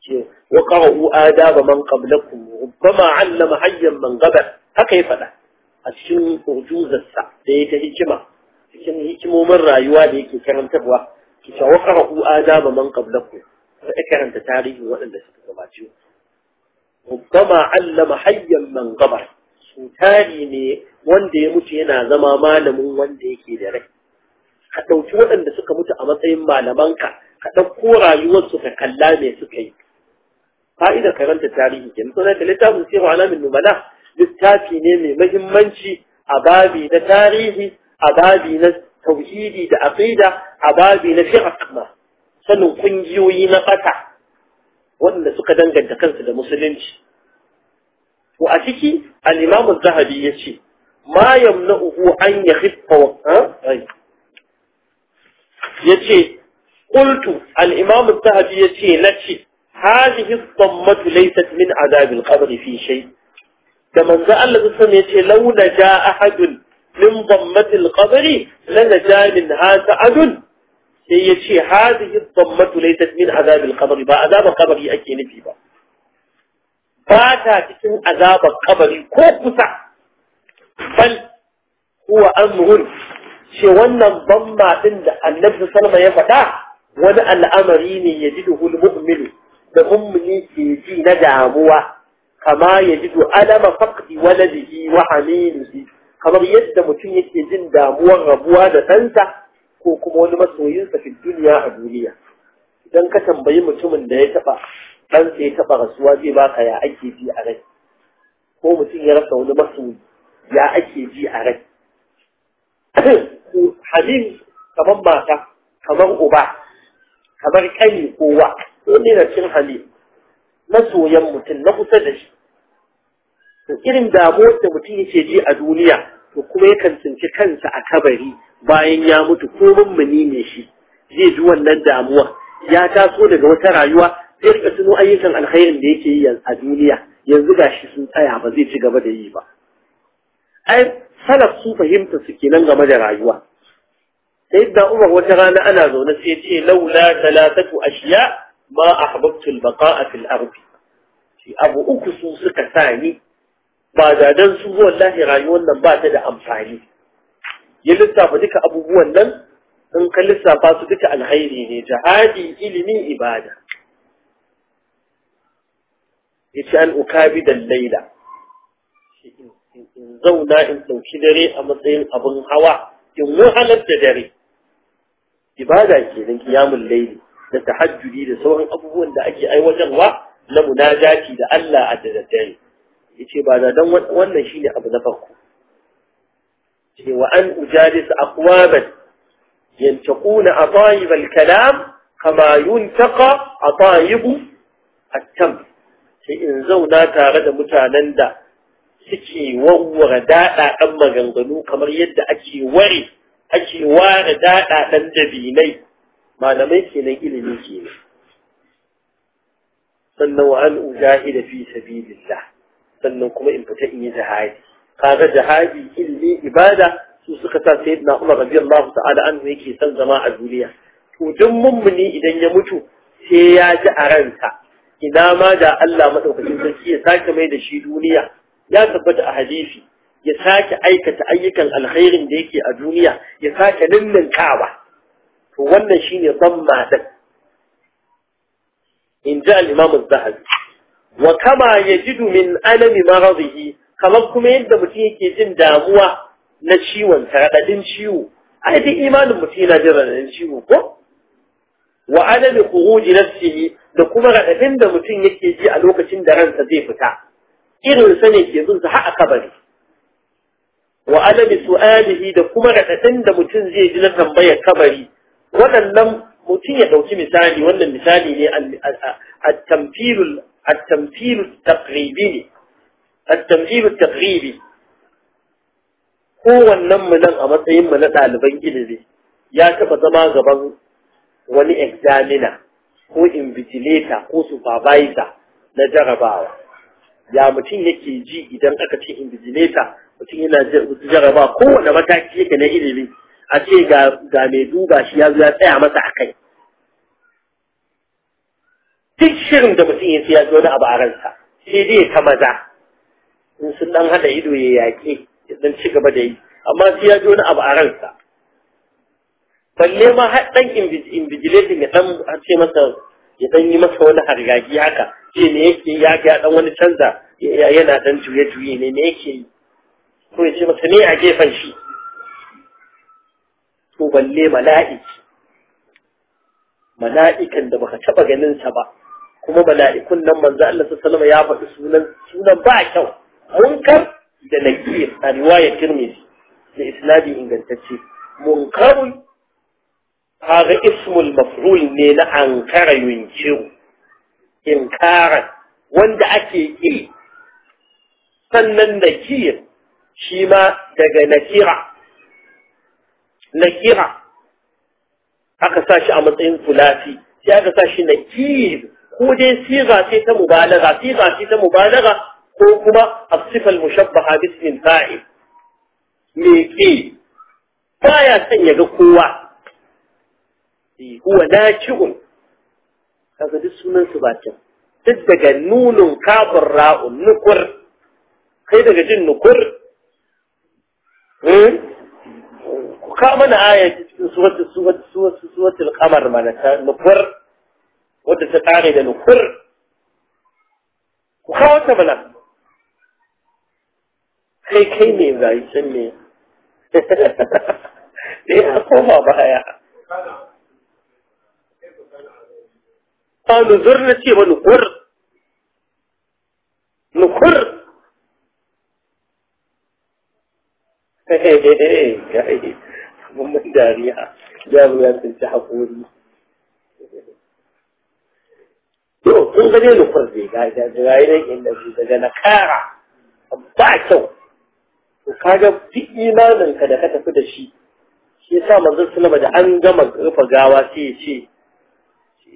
ce wa qara'u adaba man qablakum rubbama 'allama hayyan man qabla haka ya fada a cikin urjuzarsa da ya ta hikima cikin hikimomin rayuwa da yake karantarwa ki ta wa qara'u adaba man qablakum sai karanta tarihi waɗanda suka gabace rubbama 'allama hayyan man qabla sutari ne wanda ya mutu yana zama malamin wanda yake da rai ka ɗauki waɗanda suka mutu a matsayin malamanka ka ɗauko rayuwarsu ka kalla me suka yi fa'idar karanta tarihi ke mutum da littafin siru alamin numana littafi ne mai mahimmanci a babi na tarihi a babi na tauhidi da aqida a babi na fiqh ma sanin kungiyoyi na fata waɗanda suka danganta kansu da musulunci وأتيكي الإمام الذهبي يشي ما يمنعه أن يخف يشي قلت الإمام الذهبي يشي نشي هذه الضمة ليست من عذاب القبر في شيء كمن ذأل بسم يشي لو نجا أحد من ضمة القبر لنجا من هذا أحد يشي هذه الضمة ليست من عذاب القبر با عذاب القبر يأكي نبي با ba cikin azabar kabari ko kusa bal huwa amrun ce wannan bamma din da annabi salma ya faɗa wani al'amari ne ya ji duhul mu'minu da ummi ke ji na damuwa kama ya ji alama faqdi waladihi wa hamilihi kamar yadda mutum yake jin damuwar rabuwa da ɗansa ko kuma wani masoyinsa fi duniya a duniya idan ka tambayi mutumin da ya taɓa ɗan sai taɓa rasuwa zai baka ya ake ji a rai ko mutum ya rasa wani masoyi ya ake ji a rai halin kamar mata kamar uba kamar kani kowa ne na cin halin soyan mutum na kusa da shi irin damuwar da mutum yake ji a duniya to kuma yakan tsinci kansa a kabari bayan ya mutu ko mummuni ne shi zai ji wannan damuwa ya taso daga wata rayuwa sai ka tuno ayyukan alkhairin da yake yi a duniya yanzu gashi sun tsaya ba zai ci gaba da yi ba ai salaf su fahimta su kenan game da rayuwa sai da umar wata rana ana zaune sai ce laula talatatu ashiya ma ahbabtu albaqa'a fil ardi shi abu uku su suka sani. ba da dan su wallahi rayuwar nan ba ta da amfani ya lissafa duka abubuwan nan in ka lissafa su duka alkhairi ne jihadi ilimi ibada yace an ukabida laila in zauna in dauki dare a matsayin abin hawa in wahalar da dare ibada ke nan kiyamun laili da tahajjudi da sauran abubuwan da ake aiwatarwa na munajati da Allah a daddare yace ba da dan wannan shine abu na farko ce wa an ujadis aqwaman yantaquna atayib al-kalam kama yuntaqa atayib at-tamr sai in zauna tare da mutanen da suke wawware daɗaɗan maganganu kamar yadda ake ware ake ware daɗaɗan dabinai malamai ke nan ilimi ke ne sannan wa an ujahida fi sabilillah sannan kuma in fita in yi jihadi kaga jihadi ilimi ibada su suka sa na Umar radiyallahu ta'ala an yake san zama a duniya to duk mummuni idan ya mutu sai ya ji a ransa ina ma da Allah maɗaukacin sarki ya sake mai da shi duniya ya tabbata a hadisi ya sake aikata ayyukan alkhairin da yake a duniya ya sake ninninkawa to wannan shine zamma din in ji al-imam az-zahabi wa kama yajidu min alami maradihi kamar kuma yadda mutum yake jin damuwa na ciwon taradadin ciwo ai duk imanin mutum yana jin ciwo ko wa alami na nafsihi da kuma raɗaɗin da mutum yake ji a lokacin da ransa zai fita irin sa ke zunsa har a kabari wa su su'alihi da kuma raɗaɗin da mutum zai ji na tambayar kabari waɗannan mutum ya ɗauki misali wannan misali ne a tamthilul at-tamthilul kowannen mu nan a matsayin mu na ɗaliban ilimi ya taɓa zama gaban wani examiner ko invigilator ko supervisor na jarabawa ya mutum yake ji idan aka ce invigilator mutum yana jaraba kowane mataki yake na ilimi a ce ga mai duba shi ya zo ya tsaya masa a kai duk shirin da mutum ya ya zo na abu a ransa sai dai ta maza in sun dan hada ido ya yaƙe ya dan ci gaba da yi amma sai ya ji abu a ransa balle ma har dan invigilating ya dan har ce masa ya dan yi masa wani hargagi haka ce me yake ya ga dan wani canza yana dan juye juye ne me yake yi ko ya ce masa ne a gefen shi to balle mala'iki mala'ikan da baka taba ganin sa ba kuma mala'ikun nan manzo Allah sallallahu alaihi wasallam ya faɗi sunan sunan ba kyau munkar da nakir a riwayar Tirmidhi da isnadi ingantacce munkarun هذا اسم المفعول من انكار ينكر إنكارا وانت أكي سنن نكير شما دقى نكيرا نكيرا هكا ساشي أمطين ثلاثي هكا ساشي نكير كودين سيغا سيتا مبالغة سيغا سيتا مبالغة كوكما الصفة المشبهة باسم فاعل ميكي فايا سنيا كوكوا huwa naki'un kaga duk sunan su can. duk daga nunun kafin ra'un nukur kai daga jin nukur eh? ku ka mana aya cikin suwatu suwatu suwatu suwatu qamar mana ta nukur wadda ta kare da nukur ku kawo ta mana kai kai ne zai san ne ya koma baya ba nuzur na ce ba nukur nukur mun dariya jaru ya tsinci haƙori yau kun ga nukur zai ga ga ga nan inda su daga na ba kyau to kaga duk imanin ka da ka tafi da shi shi yasa manzon sallama da an gama rufe gawa sai ya ce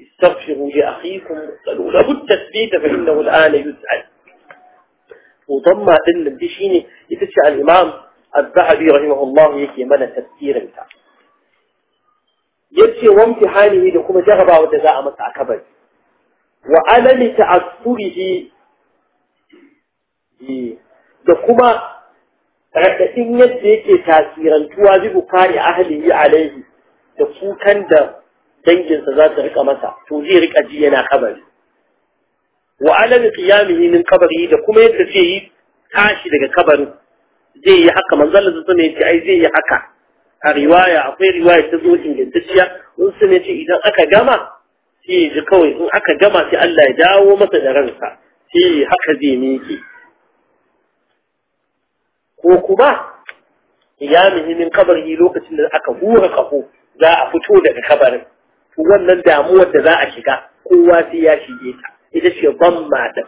استغفروا لأخيكم واسألوا له التثبيت فإنه الآن يسعد وضمة دل بشيني شيني يتشع الإمام الذهبي رحمه الله يكي من تفسير بتاع يرشي وامتحانه لكم جغبا وجزاء مسع كبر وعلم تعثره da kuma raɗaɗin تأثيرا yake tasirantuwa أهله عليه ahlihi alaihi danginsa za su rika masa to zai rika ji yana kabari wa alal qiyamihi min kabari da kuma yadda zai yi tashi daga kabarin zai yi haka manzon Allah sun yace ai zai yi haka a riwaya akwai riwaya ta zo ingantacciya mun sun yace idan aka gama sai ji kawai in aka gama sai Allah ya dawo masa da ransa sai haka zai miki. ko kuma qiyamihi min kabari lokacin da aka hura kafo za a fito daga kabarin wannan damuwar da za a shiga kowa sai ya shige ta ita ce ban mata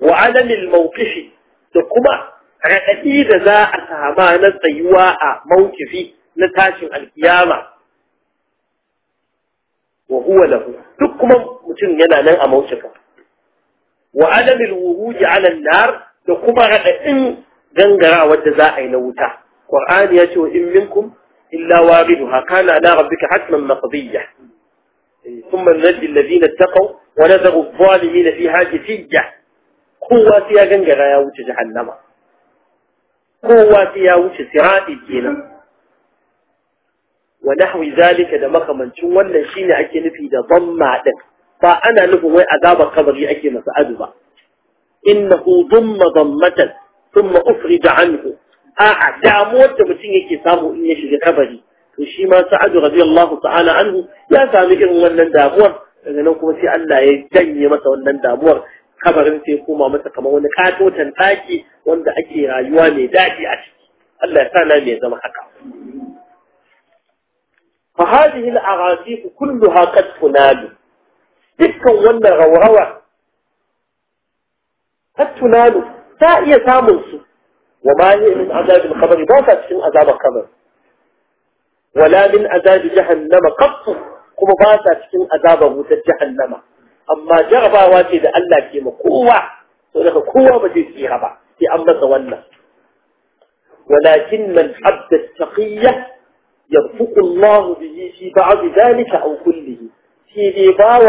wa alamil mawqifi da kuma raɗaɗi da za a sama na tsayuwa a mawqifi na tashin alkiyama wa huwa lahu duk kuma mutum yana nan a mawqifi wa alamil wuruji ala nar da kuma raɗaɗin gangara wadda za a yi na wuta Qur'ani ya ce wa in minkum إلا واردها كان على ربك حتما مقضية إيه، ثم نجد الذين اتقوا ونذروا الظالمين فيها جسجة قوة يا جنجر يا وجه جهنم قوة يا وجه سراء الدين ونحو ذلك دمخ من شوال لشين أكين في ضم عدك فأنا له أذاب قبر أكين فأذب إنه ضم ضمة ثم أفرج عنه a'a damuwar da mutum yake samu in ya shiga kabari to shi ma sa'adu radiyallahu ta'ala anhu ya sami irin wannan damuwar daga nan kuma sai Allah ya janye masa wannan damuwar kabarin sai koma masa kamar wani katotan taki wanda ake rayuwa mai daɗi a ciki Allah ya sa na mai zama haka fa hadhihi al-aghasif kulluha qad tunalu dukkan wannan rawrawa qad tunalu ta iya samun su وما هي من عذاب القبر باتا من عذاب القبر ولا من عذاب جهنم قط كما باتا من عذاب وتا جهنم أما جربا واجد ألا الله كيما قوة ولك قوة بجي فيها با في أمنا سوانا ولكن من حد التقية يرفق الله به في بعض ذلك أو كله في ذي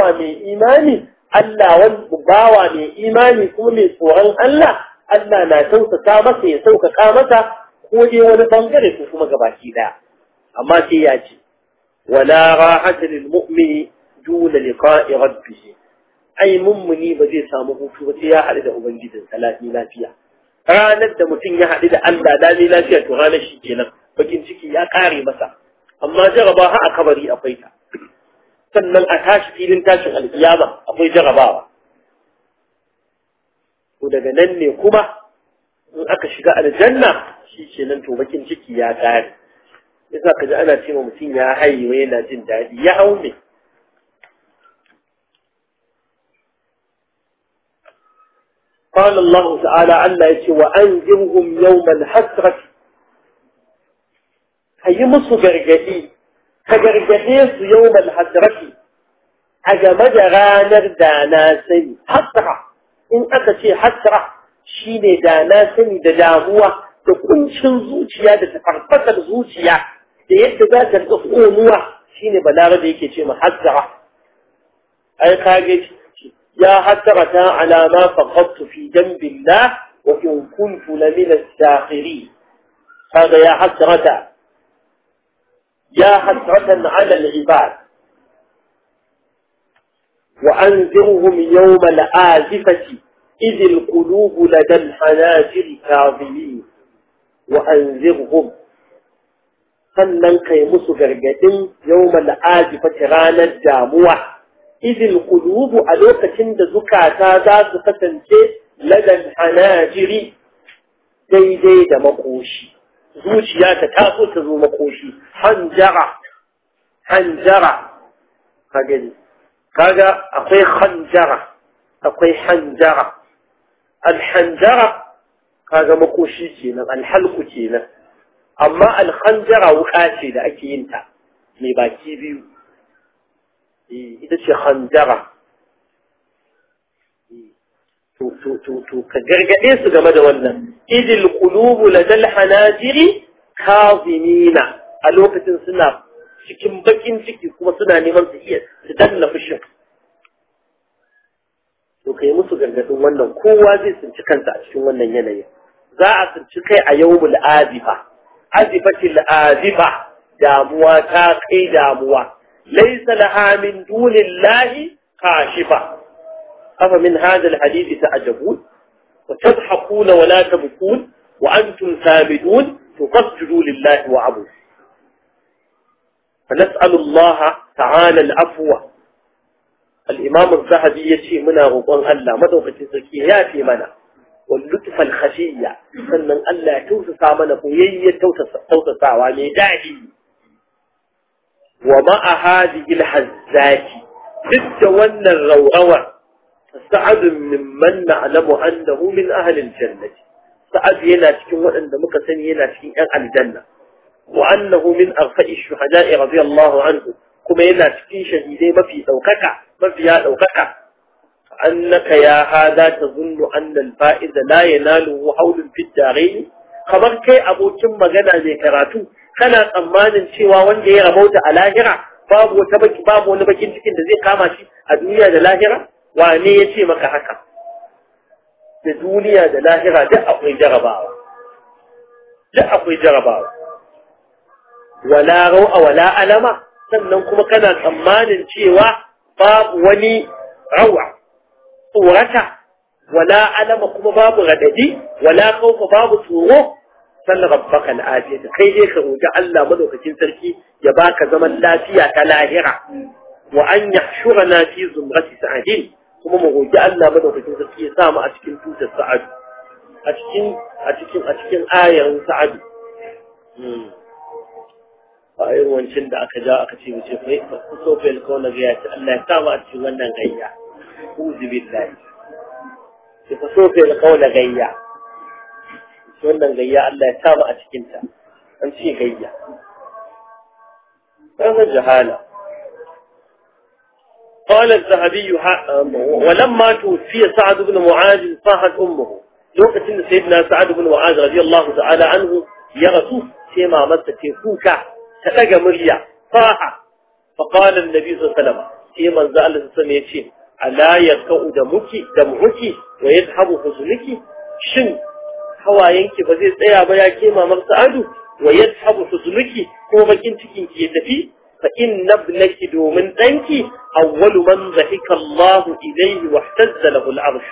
من إيماني ألا wani bawa إيماني كل kuma ألا Allah na tausasa masa ya sauƙaƙa masa ko dai wani bangare ko kuma gabaki daya amma sai ya ce wala rahata lil mu'mini duna liqa'i rabbih ai mummuni ba zai samu hutu ba sai ya haɗu da ubangijin salati lafiya ranar da mutum ya haɗu da Allah lami lafiya to ranar shi kenan bakin ciki ya ƙare masa amma jarabawa a kabari akwai ta sannan a tashi filin tashin alkiyama akwai jarabawa to daga nan ne kuma in aka shiga aljanna shi ke nan to bakin ciki ya tare yasa ka ji ana cewa mutum ya haiwa yana jin dadi ya hau ne قال الله تعالى عنا يتي وأنذرهم يوم الحسرة هي مصر قرقهي كقرقهيس يوم الحسرة أجمد غانر دانا سي حسرة in aka ce hasra shine da na sani da damuwa da kuncin zuciya da tafarfasar zuciya da yadda za ta rika konuwa shine balarabe yake ce ma hasra ai kage ya hasrata ala ma faqadtu fi dambillah wa in kuntu lamina as-sakhirin kaga ya hasrata يا حسرة على العباد وأنذرهم يوم الآزفة إذ القلوب لدى الحناجر كاظمين وأنذرهم فلن قيمس غرقد يوم الآزفة رانا الجاموة إذ القلوب ألوك تند زكاة ذات فتنك لدى الحناجر ديديد مقوشي زوجيات تاسو تزو مقوشي حنجرة حنجرة فقدي فقدي أقوي خنجرة أقوي حنجرة, أقوي حنجرة. alhanjara kaga makoshi kenan alhalku kenan amma alhanjara wuka ce da ake yin ta mai baki biyu eh, ita ce hanjara eh, to ka gargaɗe su game da wannan idil qulubu ladal hanajiri kazimina a lokacin suna cikin bakin ciki kuma suna neman su iya su danna fushin to musu gargadin wannan kowa zai tsinci kansa a cikin wannan yanayin za a tsinci kai a yawmul azifa azifatil azifa damuwa ta kai damuwa laysa laha min dunillahi kashifa afa min hadha alhadith ta'jabun wa tadhakuna wa la tabkun wa antum sabidun tuqaddu lillahi wa abu فنسأل الله تعالى العفو الإمام الذهبي يشي منا غبان ألا مدوك يا في منا واللطف الخشية سنن ألا توسع منا قوية توسع وعلي داعي ومع هذه الحزات ضد ون الروغوة سعد ممن نعلم أنه من أهل الجنة سعد يناتك وأن مكسن ينا في أهل الجنة وأنه من أغفاء الشهداء رضي الله عنه كما يناتك شهيدين في دوكك mafiya ɗaukaka annaka ya za ta zunnu annal fa'iza la yanalu haulun fid darain kamar kai abokin magana mai karatu kana tsammanin cewa wanda ya rabauta a lahira babu wata baki babu wani bakin cikin da zai kama shi a duniya da lahira wane ya ce maka haka da duniya da lahira duk akwai jarabawa duk akwai jarabawa wala rau'a wala alama sannan kuma kana tsammanin cewa babu wani rawa tsorata wala alama kuma babu radadi wala kaufa babu tsoro sannan rabbaka al'afiya kai dai ka rogi Allah madaukakin sarki ya baka zaman lafiya ta lahira wa an na fi zumrati sa'adin kuma mu rogi Allah madaukakin sarki ya sa mu a cikin tutar sa'adu a cikin a cikin a cikin ayar sa'adu hmm. a irin wancan da aka ja aka ce mu ce kai ka kuso fa ka wani gaya ce Allah ya sa mu a cikin wannan gayya uzu billahi ki kuso fa ka wani gayya wannan gayya Allah ya sa mu a cikin ta an ce gayya kana jahala قال الذهبي ولما توفي سعد بن معاذ صاحت امه لوقت سيدنا سعد بن معاذ رضي الله تعالى عنه يغسوس sai mamarsa ce kuka ta daga murya fa'a. fa qala annabi sallallahu alaihi wasallam sai manzo Allah yace ala yakau da muki da muki wa yadhabu huzunki shin hawayenki ba zai tsaya ba ya ke mamar sa'adu wa yadhabu huzunki ko bakin cikin ki ya tafi fa inna ibnaki domin danki awwalu man zahika Allah ilayhi wa ihtazza lahu al-arsh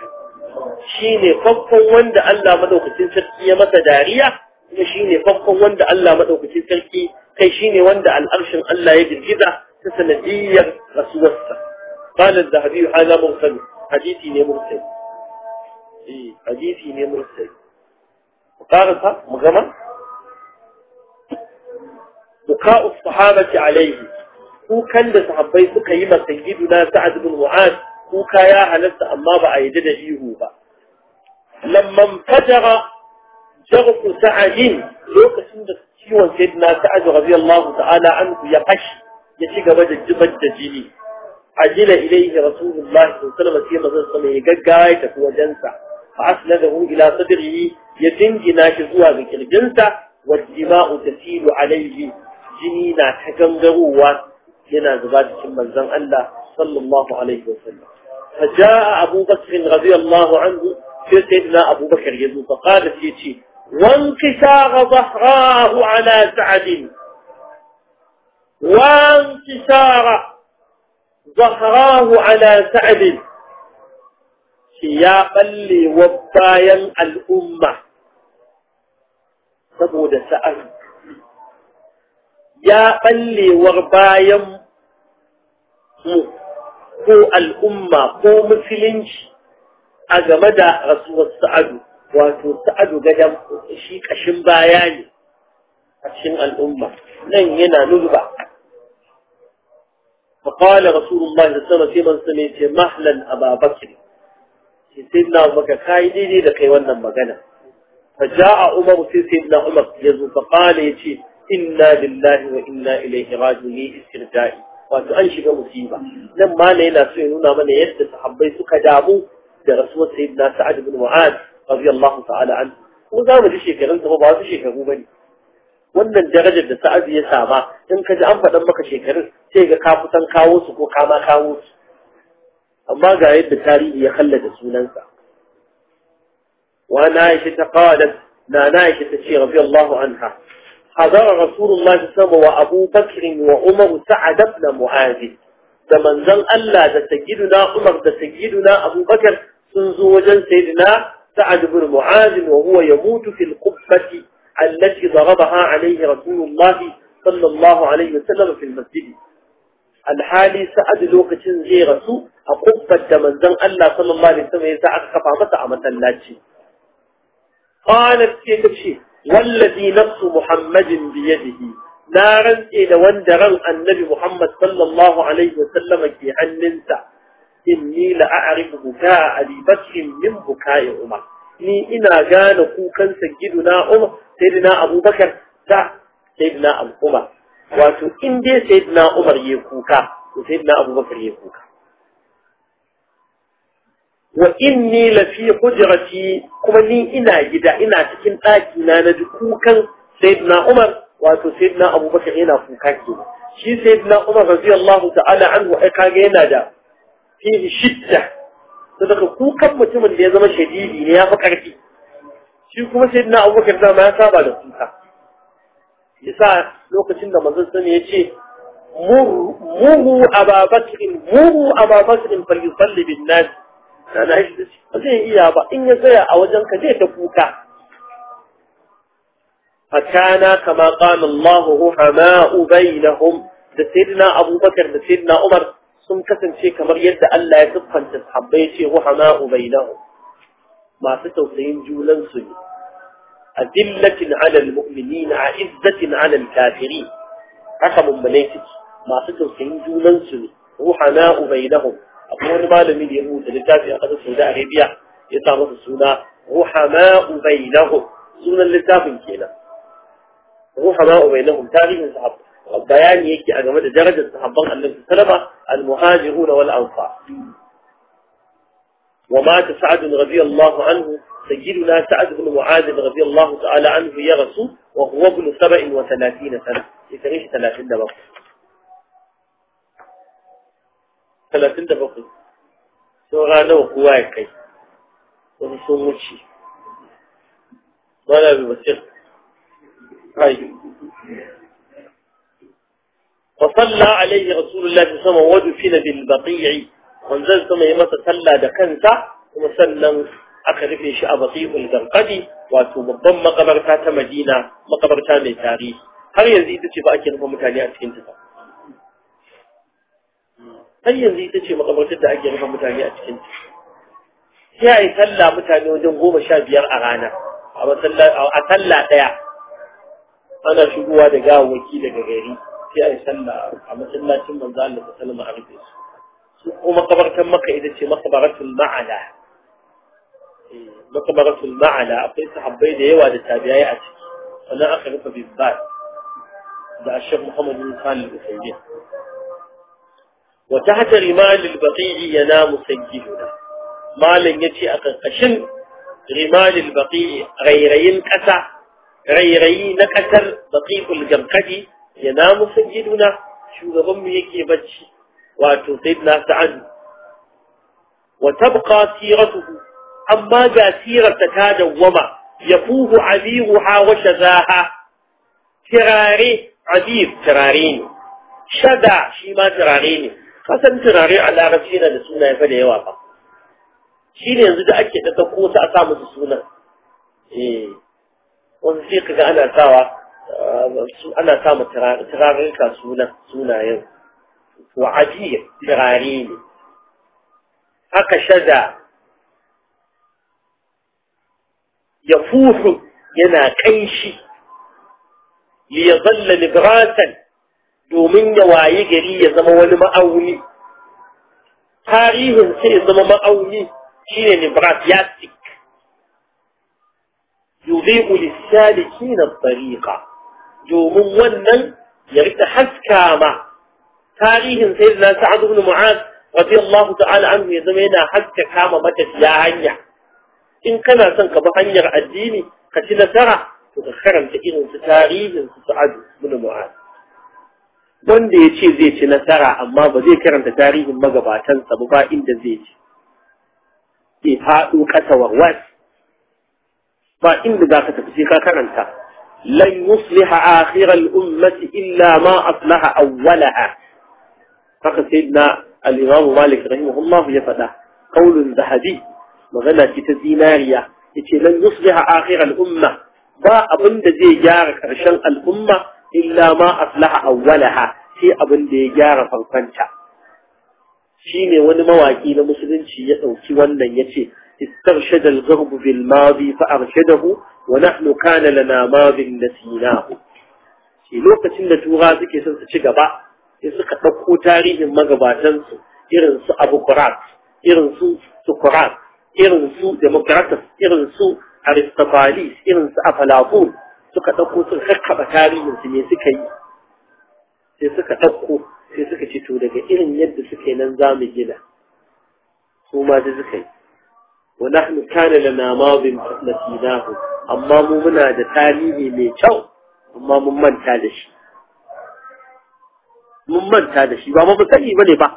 shine fakkon wanda Allah madaukakin sarki ya masa dariya kuma shine fakkon wanda Allah madaukakin sarki كيشيني واندع الأرشم ألا يجد جدا تسنديا رسوسا قال الذهبي هذا مرسل حديثي نمرسل حديثي نمرسل وقارثة مغمى بكاء الصحابة عليه هو كان لصحابي مكيمة سيدنا سعد بن معاذ هو كاياها لسا أما بأيدنا إيه هو لما انفجر جغف سعد لوك سندس ciwon sayyidina sa'ad Allah ta'ala anhu ya kash ya ci gaba da jibar da jini ajila ilayhi rasulullah sallallahu alaihi wasallam sai manzon ya gaggawa ya tafi wajensa fa asladahu ila sadrihi ya dingina shi zuwa ga kirjinsa wajima'u tasilu alaihi jini na ta gangarowa yana zuba cikin manzon Allah sallallahu alaihi wasallam فجاء أبو بكر رضي الله عنه في سيدنا أبو بكر يزو فقال سيتي وانكساغ ظهراه على سعد وانكساغ ظهراه على سعد سياقا لوبايا الأمة سبود سأل يا قلي bayan هو الأمة هو ko أجمد رسول game wato sa'adu gadan shi kashin baya ne kashin al'umma nan yana nulba faƙawa rasulullah da sama sai man sami ce mahalan a babakir ke sai na daidai da kai wannan magana fa ja'a umar sai sai na umar ya zo faƙawa ya ce inna lillahi wa inna ilaihi rajuli istirja'i wato an shiga ba. nan ma na yana so ya nuna mana yadda sahabbai suka damu da rasuwar sayyidina sa'ad bin mu'ad رضي الله تعالى عنه وقام جشيك رنته وبعض جشيك أبوبني وأن الدرجة لسعدي يسامع إنك جأمك دمك شيك رن تيغ كافتان كاوس وكو كاما كاوس أما قاعد بتاريخ يخلد سولانسا وأنا عائشة قالت نان عائشة الشيء رضي الله عنها حضر رسول الله صلى الله عليه وسلم وأبو بكر وعمر سعد ابن معاذ فمن ظل ألا تسجدنا عمر تسجدنا أبو بكر سنزوجا سيدنا سعد بن معاذ وهو يموت في القبة التي ضربها عليه رسول الله صلى الله عليه وسلم في المسجد الحالي سعد لوقتين زي القبة من زن الله صلى الله عليه وسلم يسعد خفا مسعى الله قالت كيف والذي نفس محمد بيده نارا إلى وندرا النبي محمد صلى الله عليه وسلم كي عن ننسى inni la a'rifu buka abi bakin min buka ya umar ni ina gane kukan giduna umar sayyidina abubakar da sayyidina al-umar wato in dai sayyidina umar ya kuka to sayyidina abubakar ya kuka wa inni la fi hujrati kuma ni ina gida ina cikin daki na na ji kukan sayyidina umar wato sayyidina abubakar yana kuka ke shi sayyidina umar radiyallahu ta'ala anhu ai kage yana da fihi shidda daga kukan mutumin da ya zama shadidi ne ya fi ƙarfi shi kuma na abubakar ma ya saba da kuka yasa lokacin da manzon sani ya ce muhu muru muhu a ababakirin falyusalli bin nas na na shi ba zai iya ba in ya tsaya a wajen ka zai ta kuka fakana kama hama ubai na hom da na abubakar da na umar sun kasance kamar yadda Allah ya siffanta sahabbai ce ruhama'u bainahum masu tausayin julan su ne adillatin 'ala al a'izzatin 'izzatin 'ala al-kafirin haka mummunai suke masu tausayin julan su ne ruhama'u bainahum akwai wani malami da ya rubuta littafi a ƙasar Saudi Arabia ya sa masa suna ruhama bainahum sunan littafin kenan ruhama bainahum tarihin sahabbai والبيان يجي على مدى درجة الصحابان الذين سلبا المهاجرون والأنصار ومات سعد رضي الله عنه سجلنا سعد بن معاذ رضي الله تعالى عنه يا رسول وهو ابن سبع وثلاثين سنة يتعيش ثلاثين دبق ثلاثين دبق سورانا وقوائك ورسوم مجشي ولا بمسيح طيب فصلى عليه رسول الله صلى الله عليه وسلم ودفن بالبقيع manzon sama ya masa sallah da kansa kuma sannan aka rufe shi a bati'ul garqadi wato babban makabarta ta Madina makabarta mai tarihi har yanzu ita ce ba ake rufe mutane a cikin ta har yanzu ita ce makabartar da ake rufe mutane a cikin ta sai a yi mutane wajen goma sha biyar a rana a sallah ɗaya ana shigowa da gawawwaki daga gari sai a yi sallah a masallacin manzo Allah ta sallama a rufe su kuma makabartan maka ita ce makabaratul ma'ala makabaratul ma'ala akwai sahabbai da yawa da tabi'ai a ciki sannan aka rufe bibbat da ashab muhammad bin salih al-usaymin wa tahta rimal al-baqi'i yanamu sayyiduna malan yace a kankashin rimal al-baqi'i rairayin kasa rairayi na kasar baqi'ul jamkadi ya namu sayyiduna shugabanmu yake bacci wato sayyidina sa'adu wa tabqa siratuhu amma ga sirarta ta dawwama yafuhu ha wa shazaha tirare abir tirare ne shada shi ma tirare ne kasan tirare a larabci yana da suna ya fada yawa ba shi ne yanzu da ake da ko ta a sa musu sunan eh wani sai kaga ana sawa أنا تام ترار ترارك سونا سونا يو وعجيب ترارين أكشذا يفوح ينا كيشي ليظل نبراسا دومين يواي قري يزم ولم أوني تاريه سي يزم ما أوني شين نبراس ياسك يضيء للسالكين الطريقه domin wannan ya rika haska ma tarihin sayyidina sa'ad ibn mu'az radiyallahu ta'ala anhu ya zama yana haska kama matafiya hanya in kana son ka bi hanyar addini ka ci nasara to ka karanta irin su tarihin su sa'ad ibn mu'az wanda ya ce zai ci nasara amma ba zai karanta tarihin magabatansa ba inda zai ci ke faɗo ƙasa warwas ba inda za ka tafi sai ka karanta لن يصلح آخر الأمة إلا ما أصلح أولها فقد سيدنا الإمام مالك رحمه الله يفدى قول ذهبي مغنى تتزيناريا يتي لن يصلح آخر الأمة با أبن دي جار كرشان الأمة إلا ما أصلح أولها في أبن دي جار فرقنتا شيني ونمواكي لمسلم شيئا وكي ونن يتي استرشد الغرب في الماضي فأرشده ونحن كان لنا ماضي نسيناه في لوقة نتورا ذكي سنسى شقبا يسقى تبقو تاريخ مغبا تنسو إرنس أبو قرات إرنس سقرات إرنس ديمقراطس إرنس أرستطاليس إرنس أفلاطون suka ɗauko sun kakkaɓa tarihinsu ne suka yi sai suka ɗauko sai suka ce to daga irin yadda suka nan za mu gina su ma da suka yi ونحن كان لنا ماضي نسيناه أما ممنا دا تاريخي ميتو أما ممن تادشي ممن تادشي وما بسني ولي با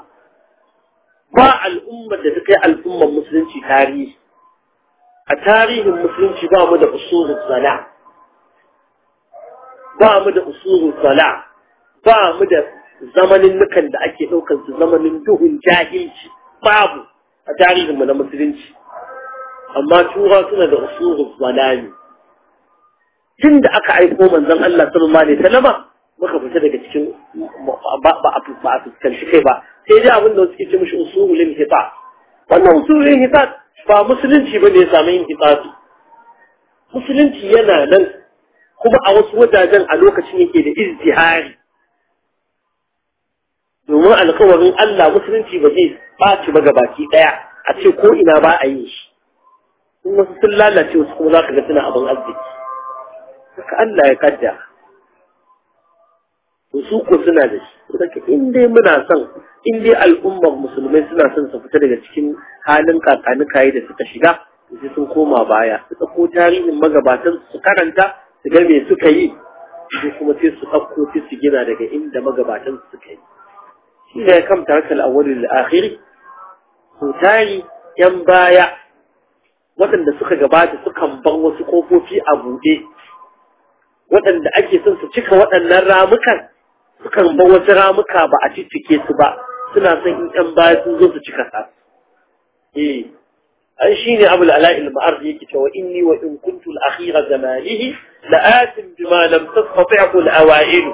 با الأمة دا الأمة المسلمة تاريخ التاريخ المسلمة با مدى أصول الصلاة ba مدى أصول usulun sala مدى mu المكان zamanin nukan da ake ɗaukar su zamanin duhun jahilci babu a amma tura suna da usulul walani tun da aka aiko manzon Allah sallallahu alaihi wasallam muka fita daga cikin ba a ba a fuskanci kai ba sai dai abin da suke ce mishi usulul hita wannan usulul hita ba musulunci bane ya samu inhitat musulunci yana nan kuma a wasu wajajen a lokacin yake da izdihari domin alkawarin Allah musulunci ba zai ɓaci ba gabaki ɗaya a ce ko ina ba a yi shi kuma sun lalace wasu kuma za ka ga suna abin arziki suka Allah ya kadda su ko suna da shi saka in dai muna son in dai al'ummar musulmai suna son su fita daga cikin halin kayi da suka shiga su sun koma baya su ɗauko tarihin magabatan su karanta su ga me suka yi sai kuma sai su ɗauko sai su gina daga inda magabatan suka yi shi ne kamta hankali a al'akhiri su tari yan baya waɗanda suka gabata sukan bar wasu kofofi a buɗe waɗanda ake son su cika waɗannan ramukan sukan bar wasu ramuka ba a cikike su ba suna son in ɗan baya sun zo su cika sa eh an shine abul ala'il ma'ar yake cewa inni wa in kuntu al-akhira zamanihi atim bima lam tastati'u al-awa'il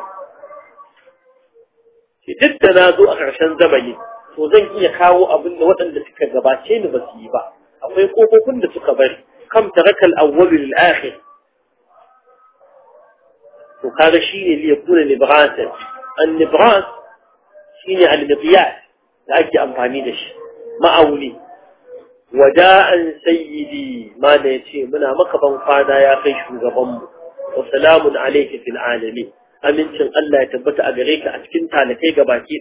duk da na zo a ƙarshen zamani to zan iya kawo abinda waɗanda suka gabace ni ba su yi ba أقول يقوموا كل تكبر كم ترك الأول للآخر وهذا الشيء اللي يقول النبراس النبراس شيء على المقياس لأجي أمبانينش ما أولي وداء سيدي ما نيتي منها مكبا فانا يا قيش مغبم وسلام عليك في العالمين أمن شن الله يتبت أبريك أتكنت على كيك باكي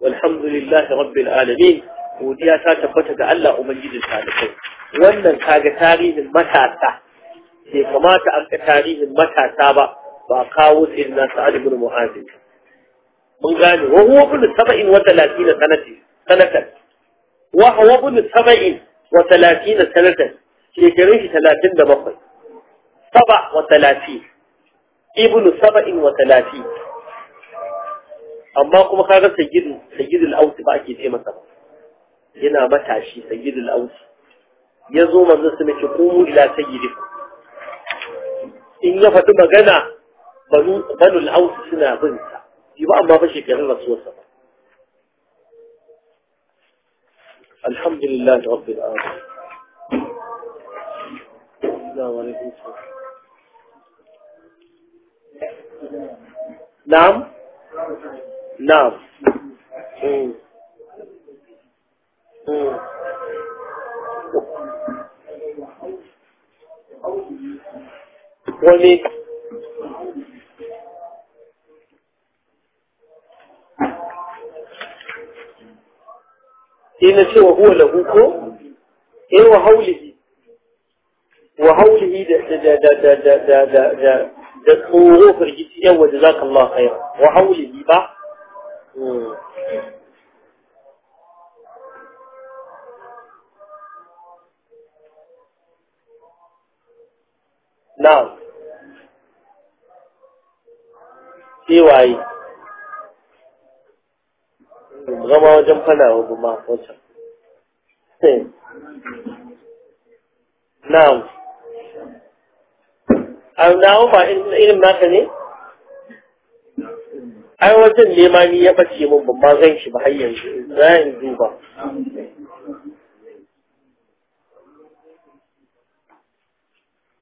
والحمد لله رب العالمين godiya ta tabbata ga Allah ubangijin talibai wannan kaga tarihin matasa bai kamata an ga tarihin matasa ba ba kawo sai na sa'ad ibn mu'azin mun gane wa huwa ibn sab'in wa 30 sanati sanatan wa huwa ibn sab'in wa 30 sanatan shekarun shi 37 saba wa 30 ibn sab'in wa 30 amma kuma kaga sayyid sayyid al-aus ba ake ce masa ba yana matashi sayyidul ausi ya zo manzon sama ce komo ila sayyidiku in ya fatu magana banu banul ausi suna bin sa shi ba amma ba shekarun rasuwarsa sa alhamdulillah rabbil alamin السلام نعم نعم ومن sai na ce wa huwa lahu ko eh wa haulihi wa haulihi da da da da da da da da da tsoro firgici yawa da zaka Allah khaira wa haulihi ba na'am shi waye zama wajen fana wa guma wajen na'am a na'am ba irin naka ne ai wajen nema ni ya bace min ban ma zan shi ba har yanzu za in duba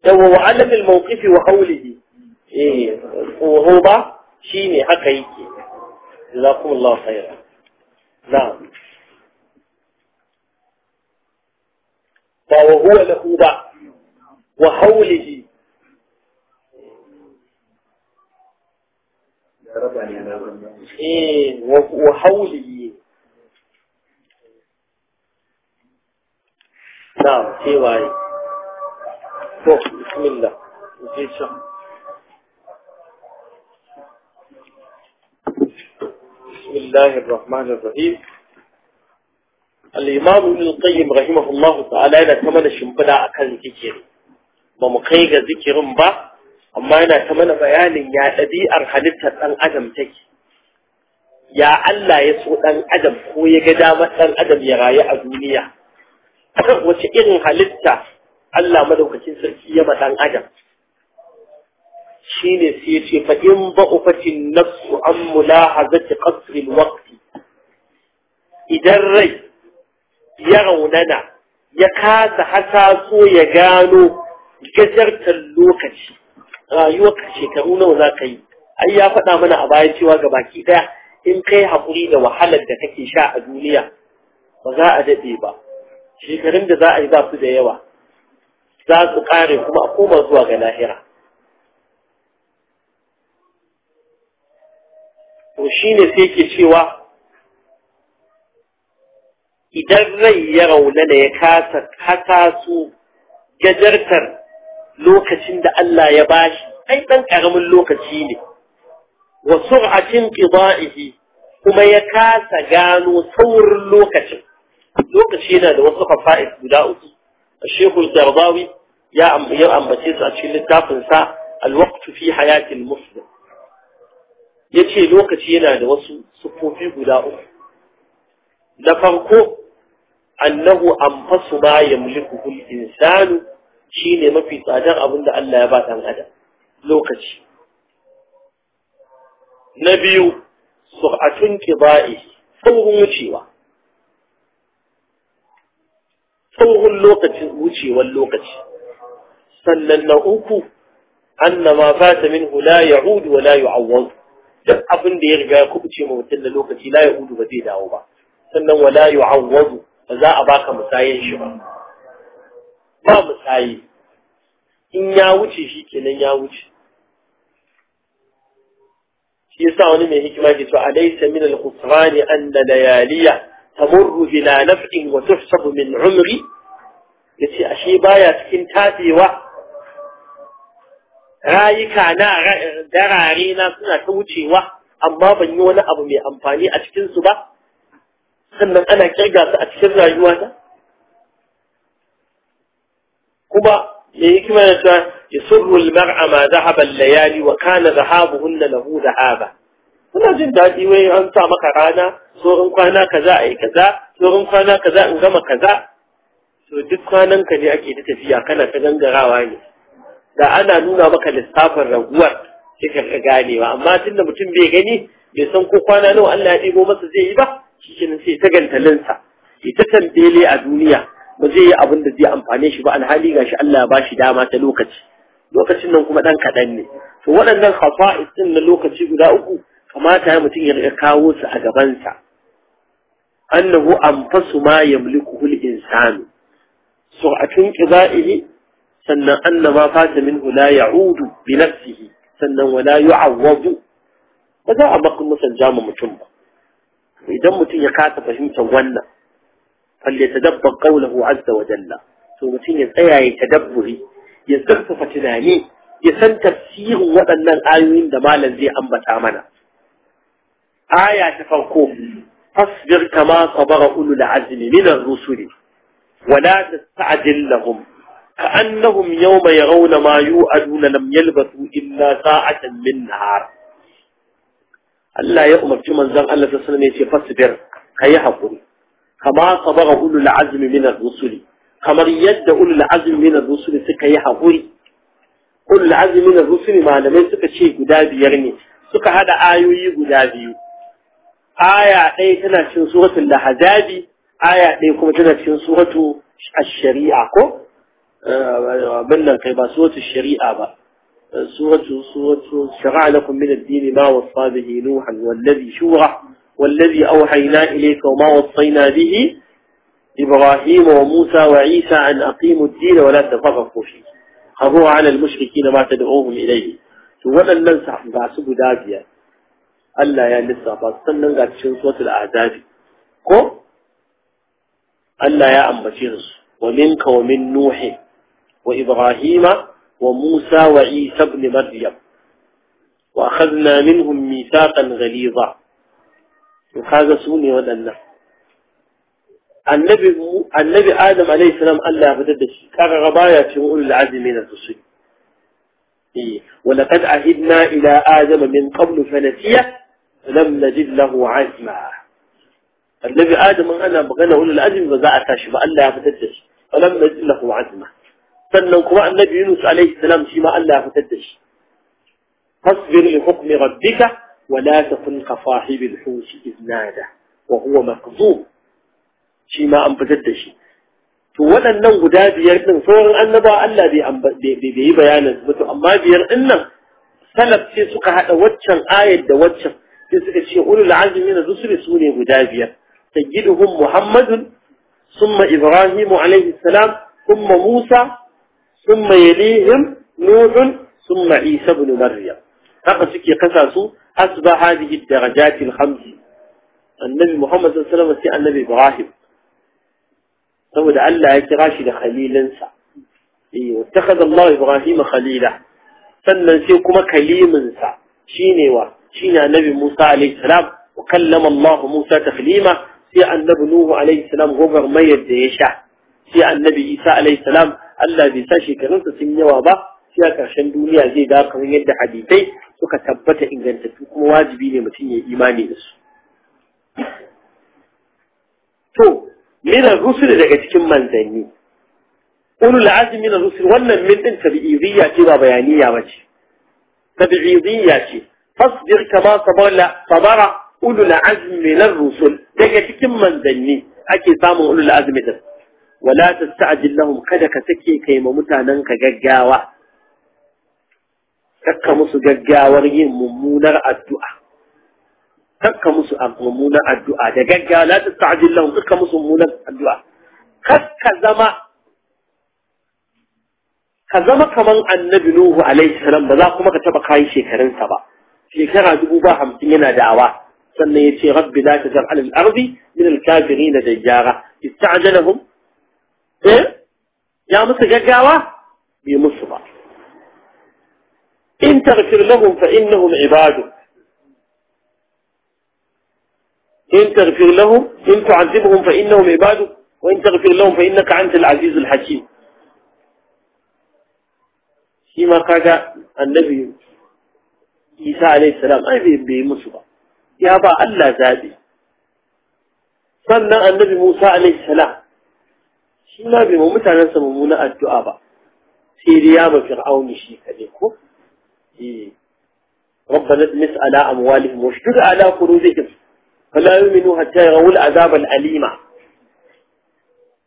yawa wa alamil mawqifi wa hawlihi eh tsoro shi ne haka yake jazakumullahu khairan na'am ba wa huwa lahu ba wa hawlihi eh wa hawlihi na sai waye بسم الله بسم الله الرحمن الرحيم الإمام ابن القيم رحمه الله تعالى أنا كمان شمبلا أكل ذكر ومقيق ذكر با أما أنا كمان بيان يا أبي أرحلت أن أدم تك يا الله يسوء أن أدم هو يقدامة أن أدم يرايا الدنيا وشئين إن الله ملوك madaukakin ya ɗan dan adam shine sai ya ce fa in nafsu an mulahazati qasr alwaqt idan rai ya raunana ya kasa hasaso ya gano gajartar lokaci Rayuwa shekaru nawa za ka yi ai ya faɗa mana a baya cewa ga baki ɗaya in kai haƙuri da wahalar da kake sha a duniya ba za a daɗe ba shekarun da za a yi za su da yawa za su kare kuma a koma zuwa ga lahira to shi ne sai ke cewa idan rai ya raunana ya kasa kasa su gajartar lokacin da Allah ya bashi ai ɗan ƙaramin lokaci ne wa sur'atin qida'ihi kuma ya kasa gano saurin lokacin lokaci yana da wasu fafa'id guda uku الشيخ الزرداوي يا أم يا أم بتيس أشيل التافن سا الوقت في حياة المسلم يتي الوقت هنا لوسو سبوا في غلاء نفرقه أنه أنفس ما يملكه الإنسان شين ما في صادر أبن الله يبات عن هذا الوقت نبي سرعة انقضائه فوق مشيوه saurin lokacin wucewar lokaci sannan na uku annama ma fata minhu la ya'udu wa la yu'awwad duk abin da ya riga ya kubuce ma mutun da lokaci la ya'udu ba zai dawo ba sannan wa la yu'awwad ba za a baka musayin shi ba ba musayi in ya wuce shi kenan ya wuce shi yasa wani mai hikima ke cewa alaysa min al-khusrani anna layaliya tamurru bila naf'in wa tuhsabu min umri ya ashe baya cikin tafewa rayuka na darare na suna ta wucewa amma ban yi wani abu mai amfani a cikinsu ba sannan ana kirga su a cikin rayuwata kuma me kima da cewa yasurru al-mar'a ma dhahaba al-layali wa kana dhahabuhunna lahu dhahaba Suna jin daɗi wai an sa maka rana tsoron kwana kaza a yi kaza tsoron kwana kaza in gama kaza to duk kwanan ka ne ake ta tafiya kana ta gangarawa ne da ana nuna maka lissafin raguwar sai ka ka ganewa amma tunda mutum bai gani bai san ko kwana nawa Allah ya dibo masa zai yi ba shi kenan sai ta gantalinsa ita tambele a duniya ba zai yi abin da zai amfane shi ba alhali shi Allah ya shi dama ta lokaci lokacin nan kuma dan kaɗan ne to waɗannan khafa'is din na lokaci guda uku kamata ya mutum ya riga kawo su a gabansa annahu anfasu ma yamliku al-insanu سرعة انقضائه سنة أن ما فات منه لا يعود بنفسه سنة ولا يعوض فذا أبقى مثل جامع متنبا إذا متن يكاتب فهم ونا فليتدبر قوله عز وجل ثم متن يتأيى يتدبه يزدف فتناني يسن تفسير وأن الآيوين دمالا زي أنبت آمنا آية تفوقوه فاصبر كما صبر أولو العزم من الرسل ولا تستعجل لهم كأنهم يوم يرون ما يوعدون لم يلبثوا إلا ساعة من نهار الله يؤمر في زن الله صلى الله عليه وسلم يتصبر هي حقوري كما صبر أولو العزم من الرسل كما يد أولو العزم من الرسل سكا حقوري أولو العزم من الرسل ما لم يسكا شيء قدابي يرني سكا هذا آيوي قدابي آية أي سنة في سورة الحزابي aya ɗaya kuma tana cikin suratu ash-shari'a ko abin kai ba suratu shari'a ba suratu suratu shara'a lakum min ad-din ma wasa bihi nuhan wallazi shura wallazi awhayna ilayka wa ma wasayna bihi إبراهيم وموسى وعيسى أن أقيموا الدين ولا تفرقوا فيه خذوا على المشركين ما تدعوهم إليه وأن ننسى بعسب دابيا ألا يا نسى فاستنن قد شنصوة الأعداد كو Allah ya ambace su wa minka wa min nuhi wa ibrahima wa musa wa isa ibn maryam wa akhadna minhum mithaqan ghaliza to kaga su ne waɗannan annabi annabi adam alayhi salam Allah ya fitar da shi kaga baya cikin ulul azmi na rusul ولقد عهدنا إلى آدم من قبل فنسيه لم نجد له عزما النبي آدم أنا بغنى أقول الأزم بذاء أتاشي فقال لها فتدش فلم يزل له عزمة فلنكواء النبي يونس عليه السلام شما قال لها فتدش فاصبر لحكم ربك ولا تكن كصاحب الحوت إذ نادى وهو مكذوب شما أم فتدش فولا النو دابي يردن فورا النبا قال لها بي بيانا أما بيردن سلب في سكهة وجه آية وجه في سكهة شيء قولوا لعزمين ذسر سوني دابي يردن سيدهم محمد ثم إبراهيم عليه السلام ثم موسى ثم يليهم نوح ثم عيسى بن مريم فقط في قصص أصبح هذه الدرجات الخمس النبي محمد صلى الله عليه وسلم سئ النبي إبراهيم فود علا يتغاش لخليل انسى إيه، واتخذ الله إبراهيم خليلا فننسيكم كليم انسى شينيوا شينا نبي موسى عليه السلام وكلم الله موسى تخليمه في النبي نوح عليه السلام غفر ما يديشا في النبي إيسا عليه السلام الذي ساشي كنت سمي وابا في أكرشان دوليا زي دار قمين يد حديثي سوك تبت إن كانت تكون واجبين يمتين إيماني نسو تو من الرسل إذا كنت كم من ذاني قولوا العزم من الرسل وانا من أنت بإيضية كما يعني بيانية وجه تبعيضية فاصبر كما صبر ulul azmi na rusul daga cikin manzanni ake samun ulul azmi din wala tasta'jil lahum kada ka sake kai ma mutanen ka gaggawa takka musu gaggawar yin mummunar addu'a takka musu mummunar addu'a da gaggawa la tasta'jil lahum takka musu mummunar addu'a kakka zama ka zama kaman annabi Nuhu alaihi salam ba za kuma ka taba kai shekarunsa ba shekara dubu yana da'awa سنيتي ربي لا جرح على الأرض من الكافرين دجارة استعجلهم إيه؟ يا مصر ججارة بمصر إن تغفر لهم فإنهم عباده إن تغفر لهم إن تعذبهم فإنهم عباده وإن تغفر لهم فإنك أنت العزيز الحكيم فيما قال النبي إيسى عليه السلام أبي بمصر يا با الله زادي فنا النبي موسى عليه السلام شي ما بي مو متان سمو مو نه ادعاء با سيريا ما فرعون شي كديكو اي ربنا نسمع على اموالهم واشتد على قلوبهم فلا يؤمنوا حتى يروا العذاب الاليم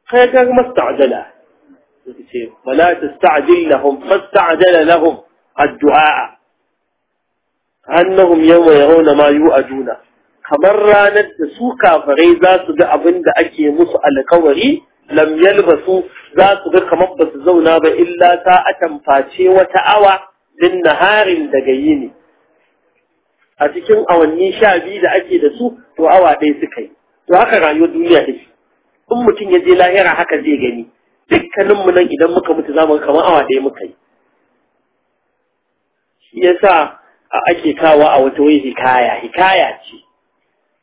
خيرك مستعجلة ولا تستعجل لهم فاستعجل لهم الدعاء annahum yawma yarawna ma yu'aduna kamar ranar da su kafirai za su ga abin da ake musu alkawari lam yalbasu za su ga kamar ba su zauna ba illa ta atamface wata awa din naharin daga yini a cikin awanni sha biyu da ake da su to awa ɗaya suka yi to haka rayuwar duniya take in mutum ya je lahira haka zai gani dukkaninmu nan idan muka mutu zamu kamar awa ɗaya muka yi shi yasa A ake kawa a wata wai hikaya hikaya ce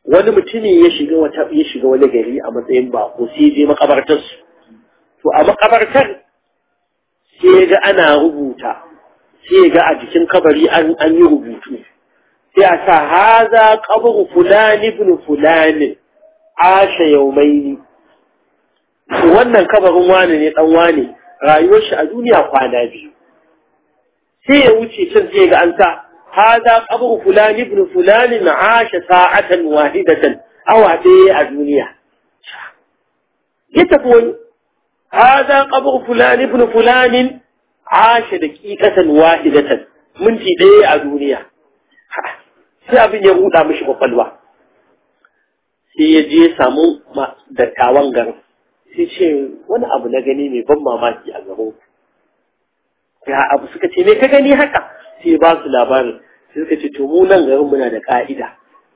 wani mutumin ya shiga wata ya shiga wani gari a matsayin bako sai je makabartar su to a makabartar sai ga ana rubuta sai ga a jikin kabari an yi rubutu sai a sa haza qabru fulan ibn fulan asha yawmaini wannan kabarin wani ne dan wani rayuwar shi a duniya kwana biyu sai ya wuce can sai ga an sa هذا قبر فلان ابن فلان عاش ساعة واحدة أو عدي الدنيا يتقول هذا قبر فلان ابن فلان عاش دقيقة واحدة من تدي الدنيا سيابين يهودا مش بقلوة سيجي سامو ما دكاوان dattawan garin sai ce wani abu na gani mai ban mamaki a gaban ya abu suka ce me ka gani haka sai ba su labarin sai suka ce to mu nan garin muna da ka'ida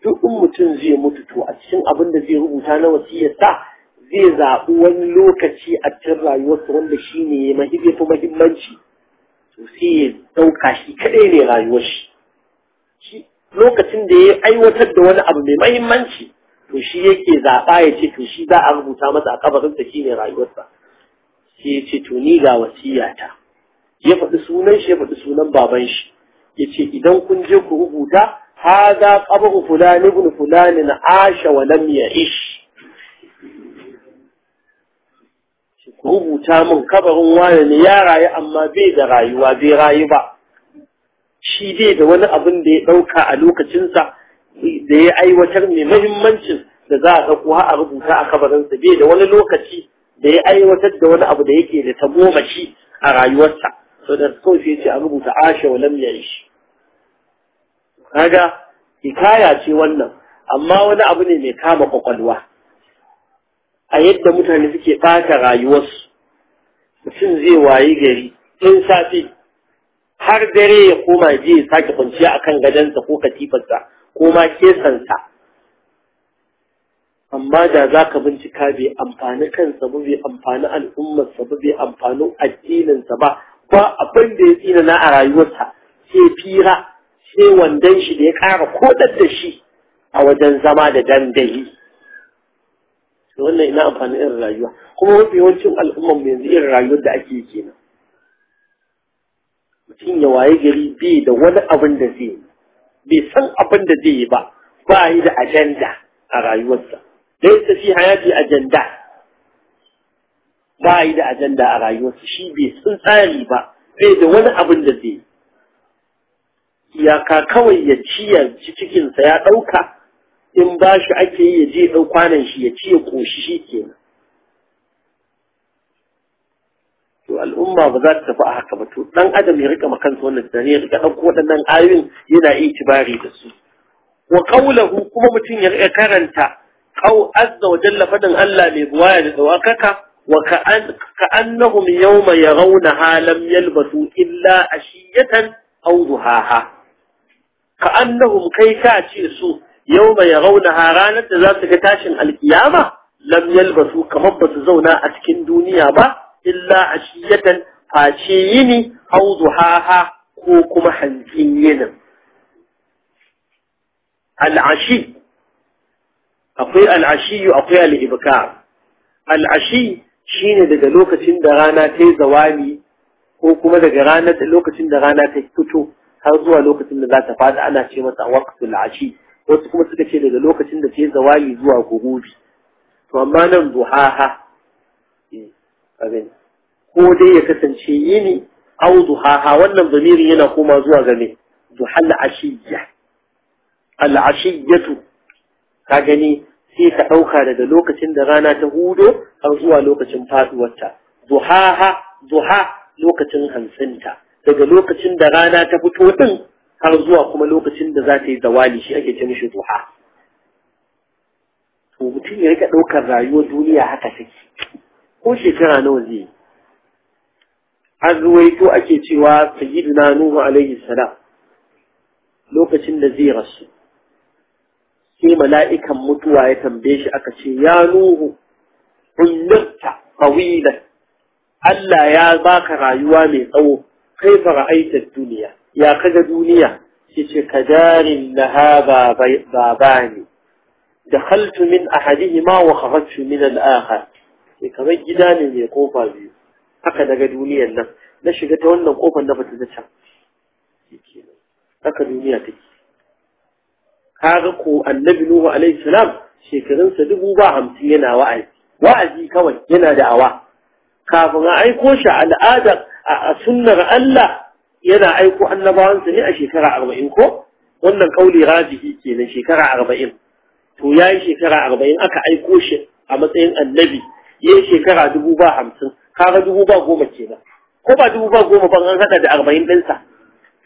duk in mutum zai mutu to a cikin abin da zai rubuta na wasiyarsa zai zaɓi wani lokaci a cikin rayuwarsa wanda shi ne zai fi mahimmanci to sai ya ɗauka shi kaɗai ne rayuwar shi lokacin da ya aiwatar da wani abu mai mahimmanci to shi yake zaɓa ya ce to shi za a rubuta masa a kabarinsa shi ne rayuwarsa sai ya ce to ni ga wasiyata ya faɗi sunan shi ya faɗi sunan baban shi ce idan kun je ku rubuta hadha qabru fulani ibn fulani na asha wa lam ishi. ku rubuta min kabarin wani ne ya rayu amma bai da rayuwa bai rayu ba shi dai da wani abin da ya ɗauka a lokacinsa da ya aiwatar mai mahimmancin da za a ɗauko a rubuta a kabarinsa bai da wani lokaci da ya aiwatar da wani abu da yake da tagomashi a rayuwarsa to da kawai sai ce a rubuta ashe wa lam shi kaga hikaya ce wannan amma wani abu ne mai kama kwakwalwa a yadda mutane suke ɓata rayuwarsu mutum zai wayi gari ɗin safe har dare ya koma je ya sake kwanciya a kan gadonsa ko katifarsa ko ma kesansa amma da za ka bincika bai amfani kansa ba bai amfani al'ummarsa ba bai amfani addininsa ba ba abin da ya tsina na a rayuwarsa sai fira sai wandon shi da ya ƙara kodar da shi a wajen zama da dandali to wannan ina amfani irin rayuwa kuma mafi yawancin al'ummar yanzu irin rayuwar da ake kenan mutum ya waye gari bai da wani abin da zai yi bai san abin da zai yi ba ba yi da ajanda a rayuwarsa da ya tafi hayati ajanda ba yi da ajanda a rayuwarsa shi bai sun tsari ba bai da wani abin da zai iyaka kawai ya ci ya ci cikinsa ya ɗauka in ba shi ake yi ya je ɗau kwanan shi ya ci ya ƙoshi shi kenan to al'umma ba za ta tafi a haka ba to ɗan adam ya rika makansa wannan tunani ya rika ɗauko waɗannan ayoyin yana itibari da su wa qawluhu kuma mutum ya rika karanta qaw azza wa jalla fadan Allah mai buwaya da dawakaka وكأن كأنهم يوم يرونها لم يلبثوا إلا أشية أو ضحاها كأنهم كيف كاتي يوم يرونها رانت ذات تاشن القيامة لم يلبثوا كمبة زونا أتكن دونيا با إلا أشية فاشيني أو ضحاها كوكما حنزين العشي أقوي العشي أقوي الإبكار العشي shine daga lokacin da rana ta yi zawami ko kuma daga ranar lokacin da rana ta fito har zuwa lokacin da za ta fada ana ce masa waqtul ashi wasu kuma suka ce daga lokacin da ta yi zawani zuwa gurubi to amma nan zuha-ha, eh, ko dai ya kasance yini au zuha-ha, wannan zamirin yana koma zuwa ga me duhal ashiya al ashiyatu ka gani sai ka ɗauka daga lokacin da rana ta hudo har zuwa lokacin faɗuwarta duhaha duha lokacin hansinta daga lokacin da rana ta fito din har zuwa kuma lokacin da za ta yi zawali shi ake ce shi duha to mutum ya rika ɗaukar rayuwar duniya haka take ko shekara nawa zai an ruwaito ake cewa sayyiduna nuhu alaihi salam lokacin da zai rasu sai mala'ikan mutuwa ya tambaye shi aka ce ya nuhu unnabta tawilan Allah ya baka rayuwa mai tsawo kai fara aitar duniya ya kaga duniya shi ce ka jarin na ha baba ne da haltu min a hadihi ma wa kharajtu min al-akhar sai kamar gida ne mai kofa biyu haka daga duniyar nan na shiga ta wannan kofar na fita ta can haka duniya take kaga ko annabi nuhu alayhi salam shekarunsa dubu ba hamsin yana wa'azi wa'azi kawai yana da'awa kafin a aiko shi al'adar a sunnar Allah yana aiko annabawansa ne a shekara arba'in ko wannan kauli rajihi ke na shekara arba'in to ya yi shekara arba'in aka aiko shi a matsayin annabi ya yi shekara dubu ba hamsin kaga dubu ba goma kenan ko ba dubu ba goma ban an haɗa da arba'in ɗinsa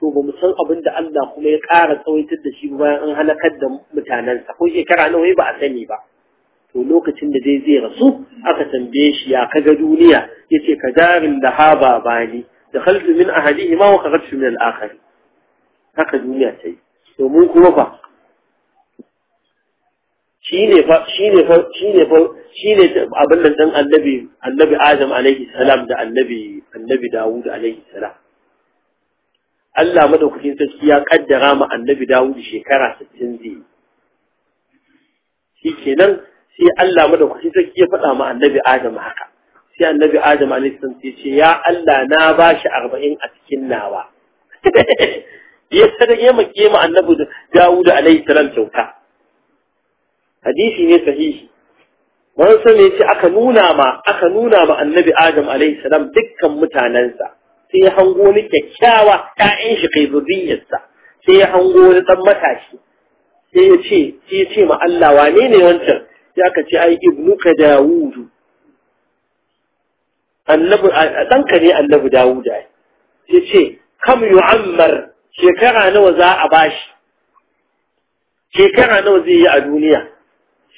to ba mu san abin da Allah kuma ya ƙara tsawaitar da shi bayan an halakar da mutanensa ko shekara nawa ba a sani ba to lokacin da zai zai rasu aka tambaye shi ya kaga duniya yace ka darin da ha ba bani da khaltu min ahadihi ma wa kharajtu min al-akhar haka duniya ta yi to mun kuma fa shine fa shine fa shine fa shine abin nan dan annabi annabi Adam alaihi salam da annabi annabi Dawud alaihi salam Allah madaukakin sarki ya kaddara ma annabi Dawud shekara 60 zai shi kenan sai Allah madaukakin sarki ya faɗa ma annabi Adam haka sai annabi Adam alaihi salam sai ce ya Allah na bashi 40 a cikin nawa ya sadake ma kema annabi Dawud alaihi salam kyauta hadisi ne sahihi manzo ne ce aka nuna ma aka nuna ma annabi Adam alaihi salam dukkan mutanansa sai ya hango ni kyakkyawa ƴaƴan shi kai zuriyarsa sai ya hango ni ɗan matashi sai ya ce sai ya ce ma Allah wane ne wancan ya ka ce ai ibnuka dawudu annabi ɗanka ne annabi dawuda ya ce kam yu'ammar shekara nawa za a bashi shekara nawa zai yi a duniya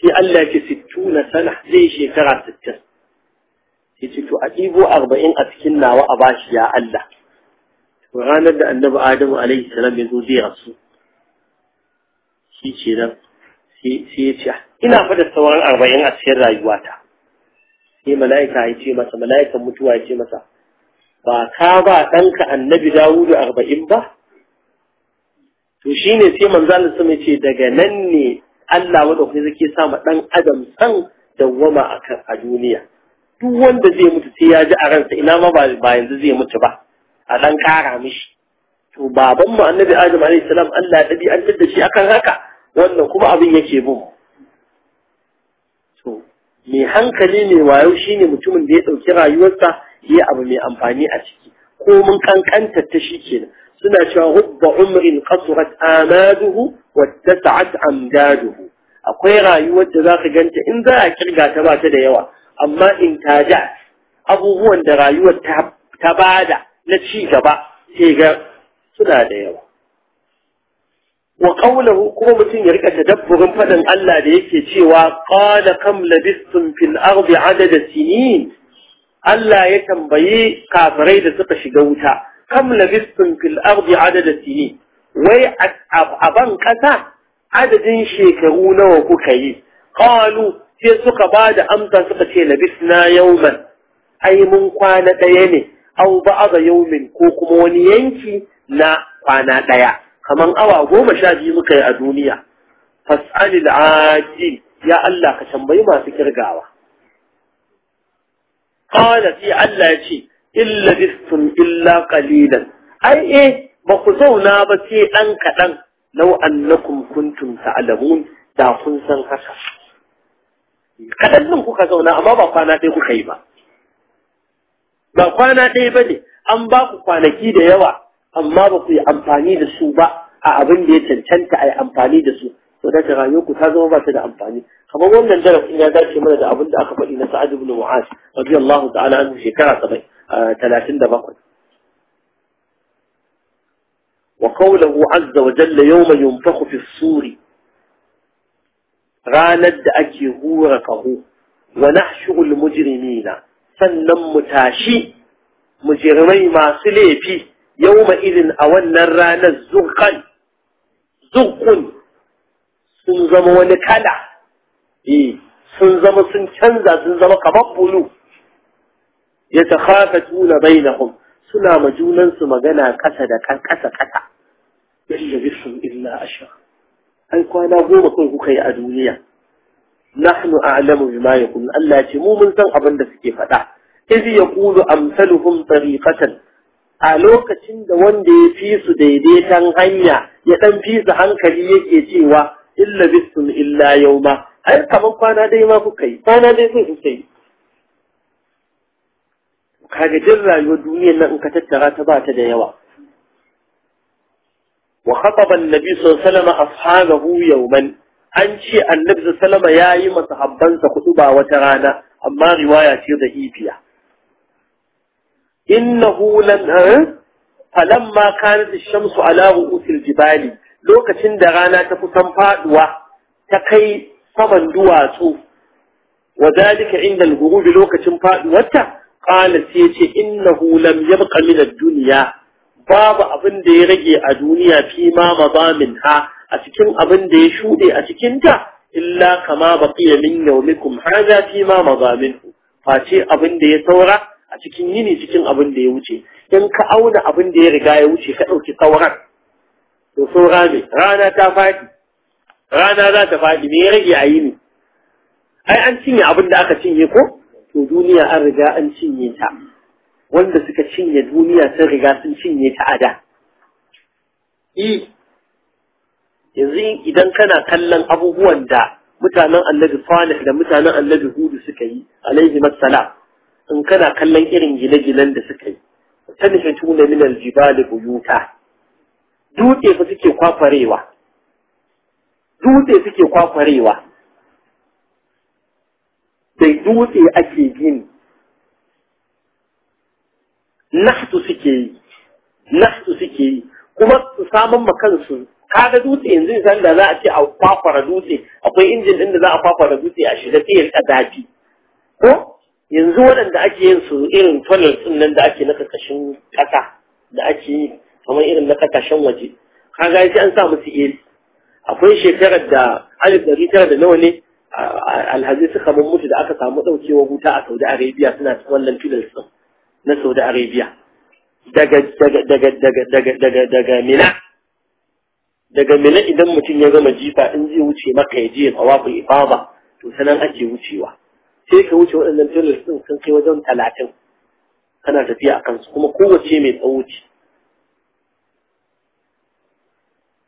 sai Allah ya ce 60 sana zai shekara sittin yace ce to a ɗibo arba'in a cikin nawa a bashi ya Allah to ranar da annabi adamu alaihi salam ya zo zai rasu shi ce nan sai ya ce ina fa da sauran arba'in a cikin rayuwata sai mala'ika ya ce masa mala'ikan mutuwa ya ce masa ba ka ba ɗanka annabi dawudu arba'in ba to shi ne sai manzalin sama ce daga nan ne Allah wadda kuma zake sa ma ɗan adam san dawwama a a duniya duk wanda zai mutu sai ya ji a ransa ina ma ba yanzu zai mutu ba a dan kara mishi to baban mu annabi adam alayhi salam Allah ya dabi an da shi akan haka wannan kuma abin yake bin to mai hankali ne wayo shine mutumin da ya dauki rayuwarsa yi abu mai amfani a ciki ko mun kankanta ta shi kenan suna cewa hubba umrin qasrat amaduhu wattasa'at amdaduhu akwai rayuwar da zaka ganta in za a kirga ta ba ta da yawa amma in tajat abubuwan da rayuwar ta bada na ci gaba sai ga suna da yawa wa qawluhu kuma mutum ya rika tadabburin fadin Allah da yake cewa qala kam labistum fil ardi adada sinin Allah ya tambayi kafirai da suka shiga wuta kam labistum fil ardi adada sinin wai a ban kasa adadin shekaru nawa kuka yi qalu sai suka ba da amsa suka ce labisna yauman ai mun kwana ɗaya ne au yau yaumin ko kuma wani yanki na kwana ɗaya kaman awa goma sha biyu muka yi a duniya fas'alil aji, ya Allah ka tambayi masu kirgawa qala sai Allah ya ce illa bistum illa qalilan ai eh ba ku zauna ba sai dan kadan law annakum kuntum ta'lamun da kun san haka kaɗan nan kuka zauna amma ba kwana ɗaya kuka yi ba ba kwana ɗaya ba ne an ba ku kwanaki da yawa amma ba ku yi amfani da su ba a abin da ya cancanta a yi amfani da su to da rayuwar ku ta zama ba su da amfani kamar wannan darasin ya dace mana da abin da aka faɗi na sa'ad ibn mu'az radiyallahu ta'ala anhu shekara 37 وقوله عز وجل يوم ينفخ في الصور ranar da ake hura kaho wa nahshurul mujrimina sannan mu tashi mujrimai masu laifi yawma idin a wannan ranar zurqan zurqun sun zama wani kala eh sun zama sun canza sun zama kamar bulu yatakhafatuna bainahum suna ma junansu magana kasa da kasa kasa yalla bisum illa ashara أي قال هو كل كي أدويه نحن أعلم بما يقول الله تموم تن عبد كيف ده إذ يقول أمثلهم طريقة ألوك تند وندي في سديد تنغيا يتم في زهان كلية جيوا إلا بسم إلا يوما هل كم قانا دي ما كي قانا دي في كي هذا جرى يدوني أنك تترى تباة ديوا وخطب النبي صلى الله عليه وسلم أصحابه يوما أنشي النبي صلى الله عليه وسلم يائم تحبنس خطبا وترانا أما رواية ذهيبية إنه لن أه؟ فلما كانت الشمس على رؤوس الجبال لوكا تندغانا تفتن فادوة تقي صمن دواتو وذلك عند الغروب لوكا تنفادوة قال سيتي إنه لم يبق من الدنيا babu abin da ya rage a duniya fi ma min ha a cikin abin da ya shuɗe a cikin ta illa kama ba baqiya min yawmikum haza fi ma mazamin face abin da ya saura a cikin yini cikin abin da ya wuce in ka auna abin da ya riga ya wuce ka ɗauki sauran to saura ne rana ta faɗi rana za ta faɗi me ya rage a yini ai an cinye abin da aka cinye ko to duniya an riga an cinye ta wanda suka cinye duniya sun riga sun cinye ta ada e, yanzu idan kana kallon abubuwan da mutanen annabi salih da mutanen annabi hudu suka yi alaihi matsala, in kana kallon irin gine-ginen da suka yi ta nufi tuna min jibali buyuta dutse fa suke kwakwarewa dutse suke kwafarewa, da dutse ake gini nahtu suke yi nahtu suke yi kuma su samun ma kansu kaga dutse yanzu misali da za a ce a kwakwara dutse akwai injin din da za a kwakwara dutse a shiga sai ya dafi ko yanzu waɗanda ake yin su irin tunnel din nan da ake na kakashin ƙasa da ake yi kamar irin na kakashin waje kaga sai an sa musu akwai shekarar da alif ɗari tara da nawa ne alhazi suka mun mutu da aka samu ɗaukewar wuta a saudi arabia suna wannan tunnel din na Saudi Arabia daga daga daga daga daga daga daga Mina daga Mina idan mutum ya gama jifa in zai wuce maka ya je tawaful ifada to sanan ake wucewa sai ka wuce waɗannan pillars din sun kai wajen talatin kana tafiya a kansu kuma kowace mai tsawo ce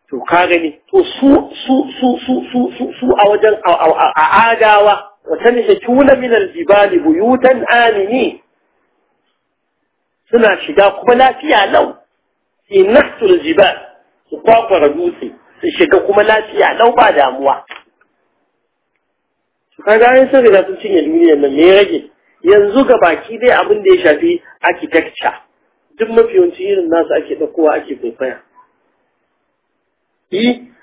to ka gani to su su su su su su su a wajen a adawa wa tanhituna min al-jibali buyutan amini suna shiga kuma lafiya lau sai nasul jibal su kwakwara dutse su shiga kuma lafiya lau ba damuwa su kaga an sun riga sun cinye duniyar nan me rage yanzu ga baki dai abin da ya shafi architecture duk mafi yawanci irin nasu ake ɗaukowa ake kwaikwaya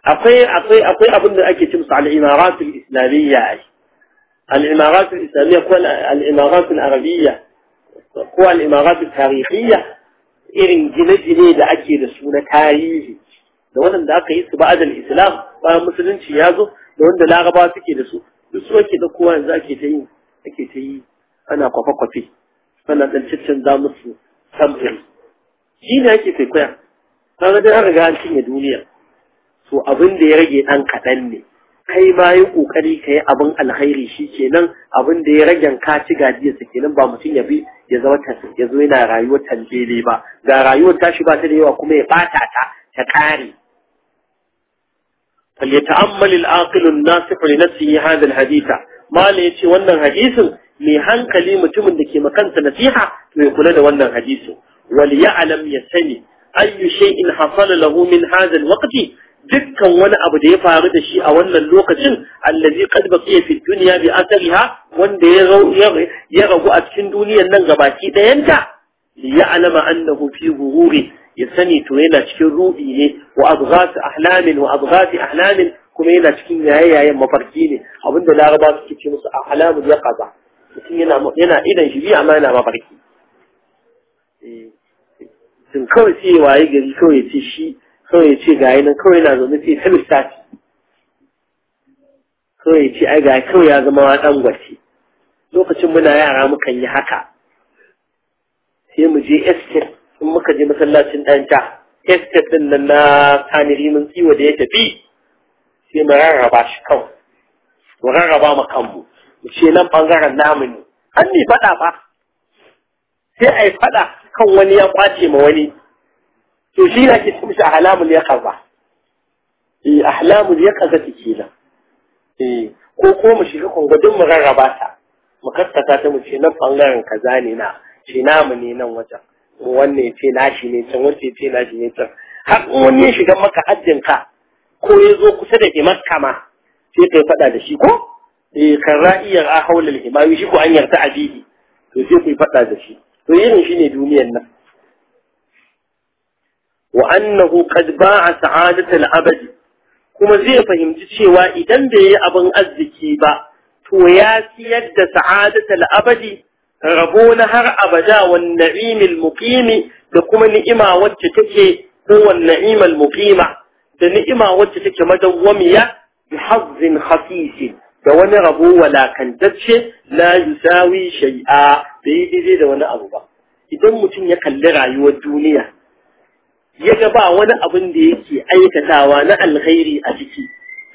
akwai akwai akwai abin da ake cin su al-imaratul islamiyya ai al-imaratul islamiyya ko al-imaratul arabiyya ko al'imaratu tarihiyya irin gine-gine da ake da su na tarihi da da aka yi su ba'adal islam bayan musulunci ya zo da wanda laraba suke da su duk su ake da kowa yanzu ake ta yi ake ta yi ana kwafe-kwafe ana ɗan ciccanza musu samfiri shi ne ake kwaikwaya ta dai an riga an cinye duniya so abin da ya rage ɗan kaɗan ne kai baya yi kokari ka yi abin alkhairi shi kenan abin da ya ragen ka ci gajiyarsa kenan ba mutum ya bi ya zama ya zo yana rayuwar tanjele ba ga rayuwar tashi ba ta da yawa kuma ya bata ta ta kare فليتأمل العاقل nafsihi hadha al Malam ya yace wannan hadisin mai hankali mutumin da ke makanta nasiha to ya kula da wannan hadisin wal ya'lam ya sani ayyu shay'in hasala lahu min hadha al-waqti dukkan wani abu da ya faru da shi a wannan lokacin allazi qad baqiya fi dunya bi athariha wanda ya ragu a cikin duniyar nan gabaki dayanta ya alama annahu fi ghururi ya sani to yana cikin rubi ne wa abghas ahlamin wa abghas ahlamin kuma yana cikin yayayen mafarki ne abinda laraba suke ce musu ya qaza mutum yana yana idan shi amma yana mafarki eh sun kawai sai waye gari kawai ce shi kawai ya ce ga nan kawai na zaune ce ta lissafi kawai ya ce ai ga kawai ya zama ɗan gwace lokacin muna yara mukan yi haka sai mu je estate in muka je masallacin ɗanta estate ɗin nan na tanirin mun tsiwa da ya tafi sai mu rarraba shi kan mu rarraba mu kanmu mu ce nan ɓangaren namu ne an ne faɗa ba sai a yi faɗa kan wani ya kwace ma wani to shi na ke cikin shi ahlamul yaqaza eh ahlamul yaqaza nan eh ko ko mu shiga kongwadin mu rarraba ta mu kaskata ta mu ce nan bangaren kaza ne na ce namu ne nan wajen wanne ce nashi ne can wace ce nashi ne can har wani ya shiga maka hajjin ka ko ya zo kusa da imarka ma sai kai faɗa da shi ko eh kan ra'iyar a himayi shi ko an yarda abidi to sai kai faɗa da shi to irin shi ne duniyar nan wa annahu qad ba'a sa'adatul abadi kuma zai fahimci cewa idan bai yi abin arziki ba to ya siyar da sa'adatul abadi rabo na har abada wan na'imil muqimi da kuma ni'ima wacce take ko na'imal muqima da ni'ima wacce take madawwamiya bi hazzin khafif da wani rabo walakantacce la yusawi shay'a bai daidai da wani abu ba idan mutum ya kalli rayuwar duniya ya ga ba wani abin da yake aikatawa na alkhairi a ciki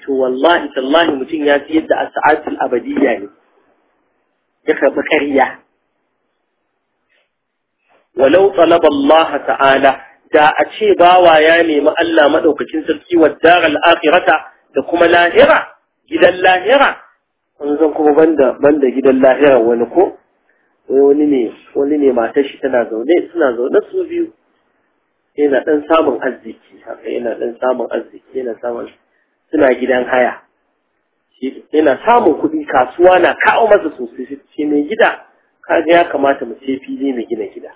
to wallahi tallahi mutum ya fi yadda as abadiyya ne ya karɓi ƙarya walau talab Allah ta'ala da a ce bawa ya nemi Allah madaukakin sarki wa daral akhirata da kuma lahira gidan lahira an zan kuma banda banda gidan lahira wani ko wani ne wani ne matar shi tana zaune suna zaune su biyu yana dan samun arziki haka yana dan samun arziki yana samun suna gidan haya yana samun kuɗi kasuwa na kawo masa sosai shi mai gida kaga ya kamata mu ce fili mai gina gida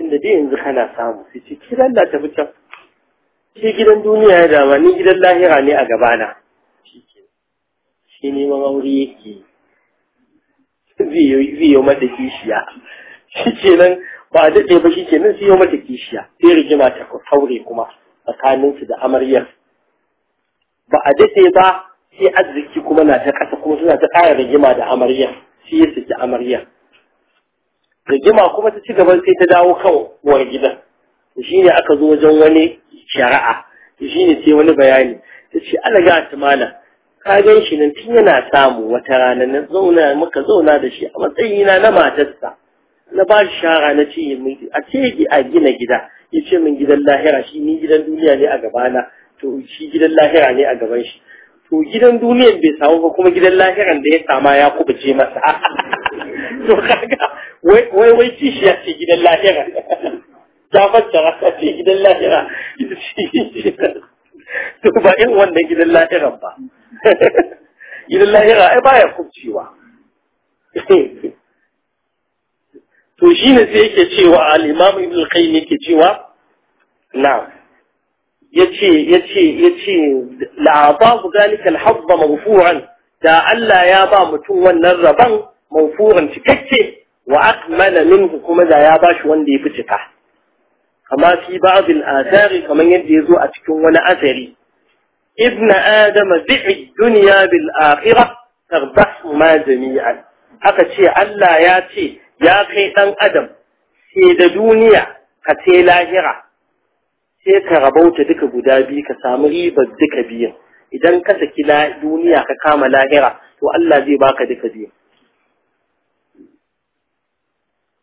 tunda dai yanzu kana samu sai ce ki Allah ta fita shi gidan duniya ya dama ni gidan lahira ne a gabana shi neman aure yake zai yi mata kishiya shi kenan ba a daɗe ba shi ke nan siyo mata kishiya sai rigima ta saure kuma tsakaninsu da amaryar ba a daɗe ba sai arziki kuma na ta ƙasa kuma suna ta ƙara rigima da amaryar sai ya saki amaryar rigima kuma ta ci gaba sai ta dawo kan uwar gidan shi ne aka zo wajen wani shari'a shi ne sai wani bayani ta ce ala ga tumana ka gan shi nan tun yana samu wata rana na zauna muka zauna da shi a matsayina na matarsa na ba shi shara na ce mun a ce a gina gida ya ce min gidan lahira shi ni gidan duniya ne a gabana to shi gidan lahira ne a gaban shi to gidan duniya bai samu ba kuma gidan lahiran da ya sama ya kubuce masa to kaga wai wai shi ya ce gidan lahira ta fata ta ce gidan lahira to ba in wannan gidan lahiran ba gidan lahira ai baya kubcewa to shine sai yake cewa al-Imam ibn al-qayyim yake cewa na'am yace yace yace la la'afahu zalika al hadd mawfu'an da Allah ya ba mutum wannan rabon mawfu'an cikakke wa akmala minhu kuma da ya bashi wanda ya fice ka amma fi ba'd al-athari kaman yadda yazo a cikin wani asari ibn adam bi'i dunya bil akhirah tarbahu ma jami'an haka ce Allah ya ce ya kai ɗan adam ke da duniya ka ce lahira sai ka rabauta duka guda biyu ka samu ribar duka biyun idan ka saki duniya ka kama lahira to Allah zai baka duka biyun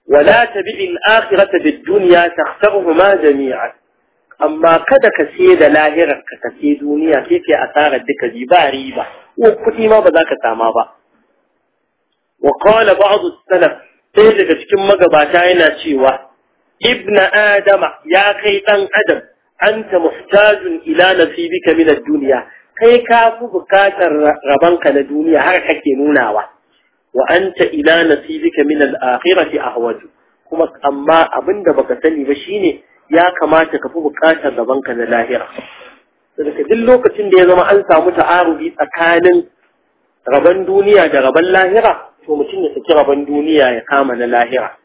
ولا تبع الآخرة بالدنيا تخترهما جميعا amma kada ka ce da lahirar ka ka sai duniya sai a asarar duka biyu, ba riba ko kuɗi ma ba za ka sama ba wa qala ba'd as-salaf sai daga cikin magabata yana cewa ibn adama ya kai dan adam anta muhtajun ila nasibika min ad-dunya kai ka fi bukatar rabanka na duniya har kake nunawa wa anta ila nasibika min al-akhirati ahwaju kuma amma abinda baka sani ba shine ya kamata ka fi bukatar ka na lahira daga duk lokacin da ya zama an samu ta'arubi tsakanin raban duniya da raban lahira to mutum ya saki rabon duniya ya kama na lahira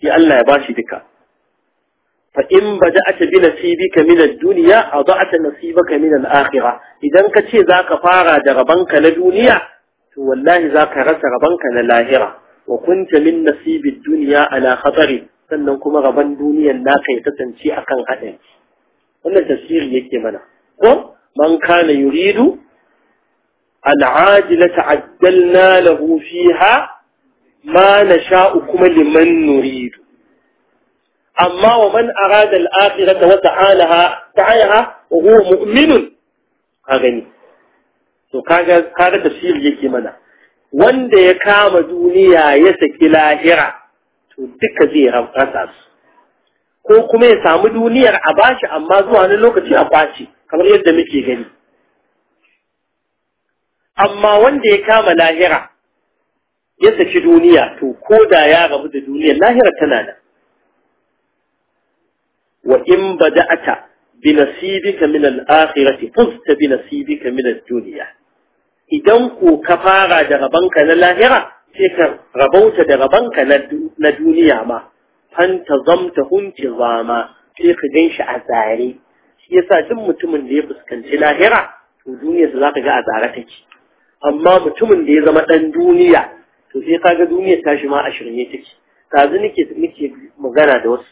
sai Allah ya bashi duka fa in bada'ata bi nasibika min ad-dunya adha'ata nasibaka min al-akhirah idan ka ce zaka fara da rabanka na duniya to wallahi zaka rasa rabanka na lahira wa kunta min nasibi ad-dunya ala khatari sannan kuma rabon duniyan naka ya kasance akan hadari wannan tafsiri yake mana ko man kana yuridu العاجلة عجلنا له فيها ما نشاء كما لمن نريد أما ومن أراد الآخرة وتعالها تعالها وهو مؤمن أغني وكذا تفسير yake mana. wanda ya kama duniya ya saki lahira to duka zai rasa su ko kuma ya samu duniyar a bashi amma zuwa wani lokaci a kwace kamar yadda muke gani amma wanda ya kama lahira ya saki duniya to ko da ya rabu da duniya lahira tana da. wa in bada'ata bi nasibika min al-akhirati fusta bi nasibika min ad-dunya idan ko ka fara da rabanka na lahira sai ka rabauta da rabanka na duniya ma fanta zamta hunci zama sai ka ganshi a zare shi yasa duk mutumin da ya fuskanci lahira to duniya za ka ga a zare take amma mutumin da ya zama ɗan duniya to sai kaga ta tashi ma a shirme take kazu nake nake magana da wasu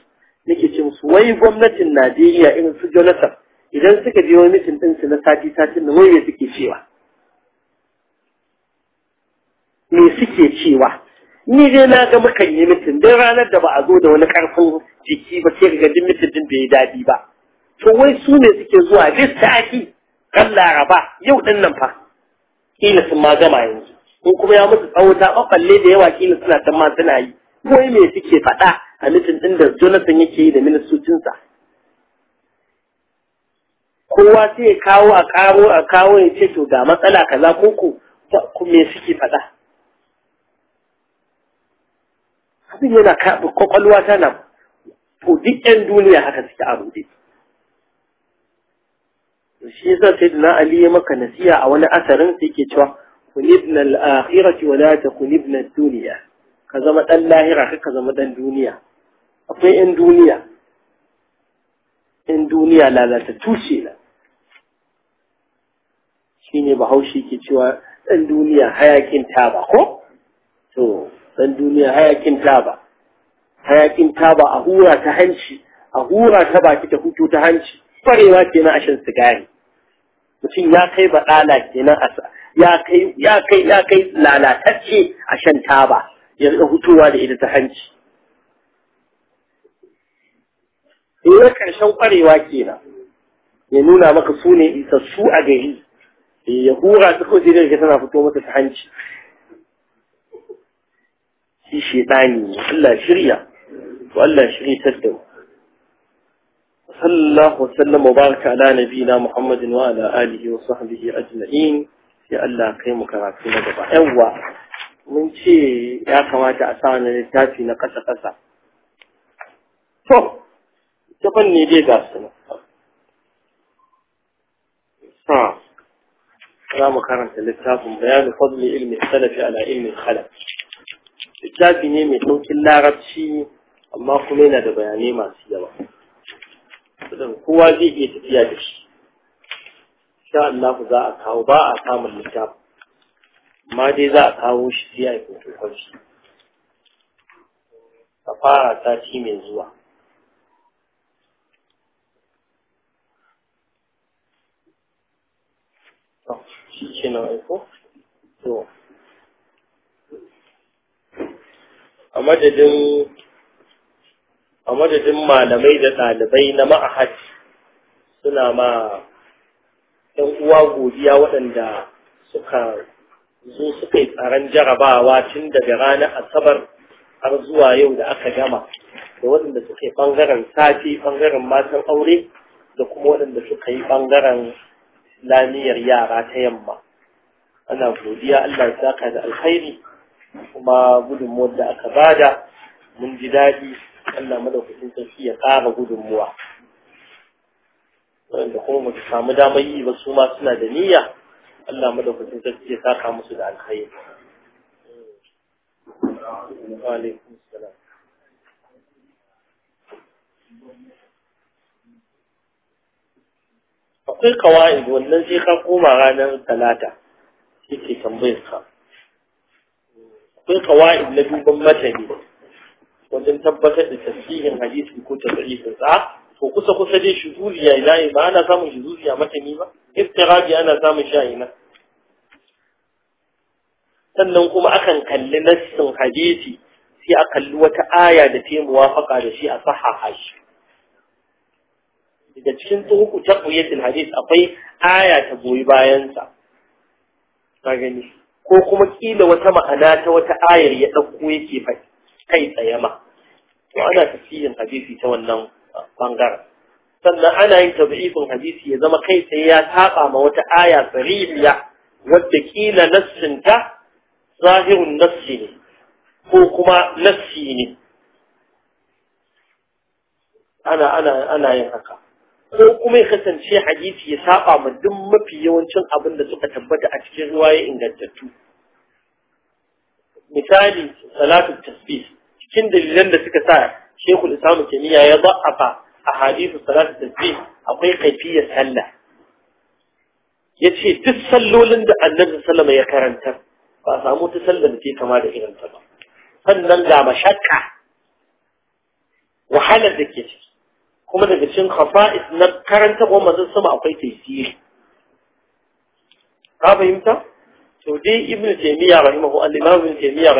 nake ce musu wai gwamnatin Najeriya irin su Jonathan idan suka je wani mitin din na sati satin nan wai suke cewa me suke cewa ni dai na ga mukan yi mitin don ranar da ba a zo da wani karfin jiki ba sai ga din mitin din bai dadi ba to wai su ne suke zuwa bis taki kan laraba yau din nan fa kila sun ma gama yanzu ko kuma ya musu tsawo ta ɓaɓɓalle da yawa kila suna can ma suna yi wai me suke faɗa a mitin ɗin da jonathan yake yi da ministocinsa kowa sai ya kawo a kawo a kawo ya ce to ga matsala kaza ko ko me suke faɗa abin yana kwakwalwa tana to duk 'yan duniya haka suke a bude. Shi shi yasa sayyidina ali ya maka nasiha a wani asarin sai yake cewa kun ibn al-akhirati wa la takun ibn ad-dunya ka zama dan lahira ka zama dan duniya akwai ɗan duniya Ɗan duniya lalata tuce la ne bahaushe ke cewa dan duniya hayakin taba ko to dan duniya hayakin taba hayakin taba a hura ta hanci a hura ta baki ta hutu ta hanci kwarewa ke a shan sigari mutum ya kai baɗala kenan a ya kai ya kai ya kai lalatacce a shan taba ya rika hutuwa da ita ta hanci in eh, na ƙarshen kwarewa na ya nuna maka su ne isassu a gari eh, ya hura su kawai sai daga tana fito mata ta hanci shi shedani Allah shirya to Allah shirya tattau صلى الله وسلم وبارك على نبينا محمد وعلى آله وصحبه أجمعين يا الله قيم كراتنا بابا أوا من شيء يا كماتا أسانا للتافي نقص قصة تو تقني دي داسنا ها لا mu karanta بيان فضل علم السلف على علم ilmin khalaf littafi ne mai saukin larabci amma kuma yana da bayanai masu su kowa zai iya tafiya da shi sha Allah za a kawo ba a samun littafi ma dai za a kawo shi sai a yi shi fara sati mai zuwa shi ke na aiko to a madadin a madadin malamai da ɗalibai na ma'ahad suna ma ‘yan uwa godiya waɗanda suka zo suka yi tsaron jarabawa tun daga ranar asabar har zuwa yau da aka gama da waɗanda suka yi ɓangaren sati ɓangaren matan aure da kuma waɗanda suka yi ɓangaren lamiyar yara ta yamma ana godiya Allah ya saka da alkhairi kuma gudunmuwar da aka bada mun ji daɗi Allah madaukakin sarki ya ƙara gudunmuwa wanda kuma ba samu damar yi ba su ma suna da niyya Allah madaukakin sarki ya saka musu da alkhairi akwai kawa'id wannan sai ka koma ranar talata yake tambayar ka akwai kawa'id na duban matani wajen tabbatar da tasirin hadisi ko tasirin sa to kusa kusa dai shuzuliya ilahi ba ana samun mata ni ba iftirabi ana samun sha'ina sannan kuma akan kalli nassin hadisi sai a kalli wata aya da ta yi muwafaka da shi a sahaha shi daga cikin tuhuku ta ƙuyatul hadis akwai aya ta goyi bayansa ka gani ko kuma kila wata ma'ana ta wata ayar ya ɗauko yake faɗi kai tsaye ma to ana tafsirin hadisi ta wannan ah, bangaren sannan ana yin tabi'ifin hadisi ya zama kai tsaye ya saba ma wata aya sarihiya wadda kila nassinta zahirun nassi ne ko kuma nassi ne ana ana ana yin haka ko kuma ya kasance hadisi ya saba ma duk mafi yawancin abin da suka tabbata a cikin ruwaye ingantattu misali salatu tasbih cikin dalilan da suka sa Sheikhul Islam Taymiyyah ya da'afa a hadithu salatu tasbih akwai kaifiyar sallah yace duk sallolin da Annabi sallama ya karanta ba samu ta sallar da ke kama da irin ta ba sannan ga mashakka wahalar da ke ciki kuma daga cikin khafa'is na karanta ko mazan sama akwai taisiri ka fahimta to dai ibnu taymiya rahimahu al-imam ibnu taymiya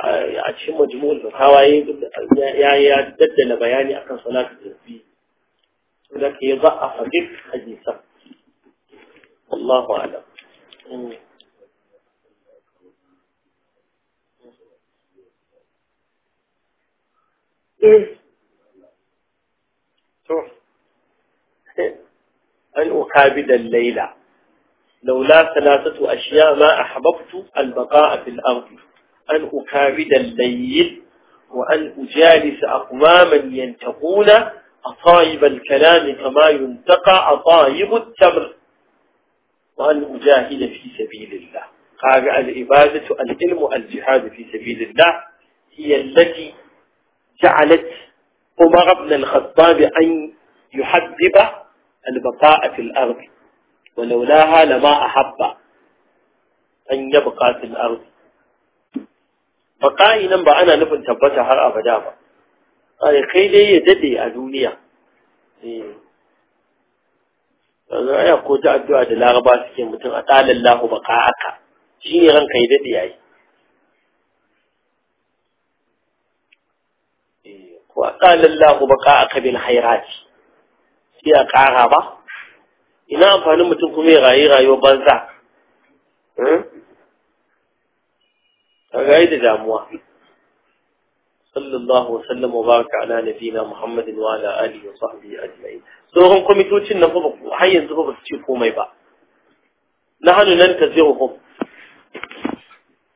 a cikin majmu'ul fatawa ya ya daddala bayani akan salatu tasbih saboda ya za'afa duk hadisan wallahu a'lam أن أكابد الليلة لولا ثلاثة أشياء ما أحببت البقاء في الأرض أن أكابد الليل وأن أجالس أقواما ينتقون أطايب الكلام كما ينتقى أطايب التمر وأن أجاهد في سبيل الله قال العبادة العلم الجهاد في سبيل الله هي التي جعلت عمر بن الخطاب أن يحبب البقاء في الأرض ولولاها لما أحب أن يبقى في الأرض baƙa'i nan ba ana nufin tabbata har abada ba ai kai dai ya dade a duniya eh. yanzu aya ko ta addu'a da laraba suke mutum a ɗalin lahu baƙa'aka shi ne ranka ya dade yi. Eh, ko a ɗalin lahu baƙa'aka bin hairati sai a ƙara ba ina amfanin mutum kuma ya rayu rayuwar banza hmm? فقايد داموة صلى الله وسلم وبارك على نبينا محمد وعلى آله وصحبه أجمعين سوهم قمتوا تشنا فبقوا حيا زبقوا تشيكوا ميبا نحن ننتزعهم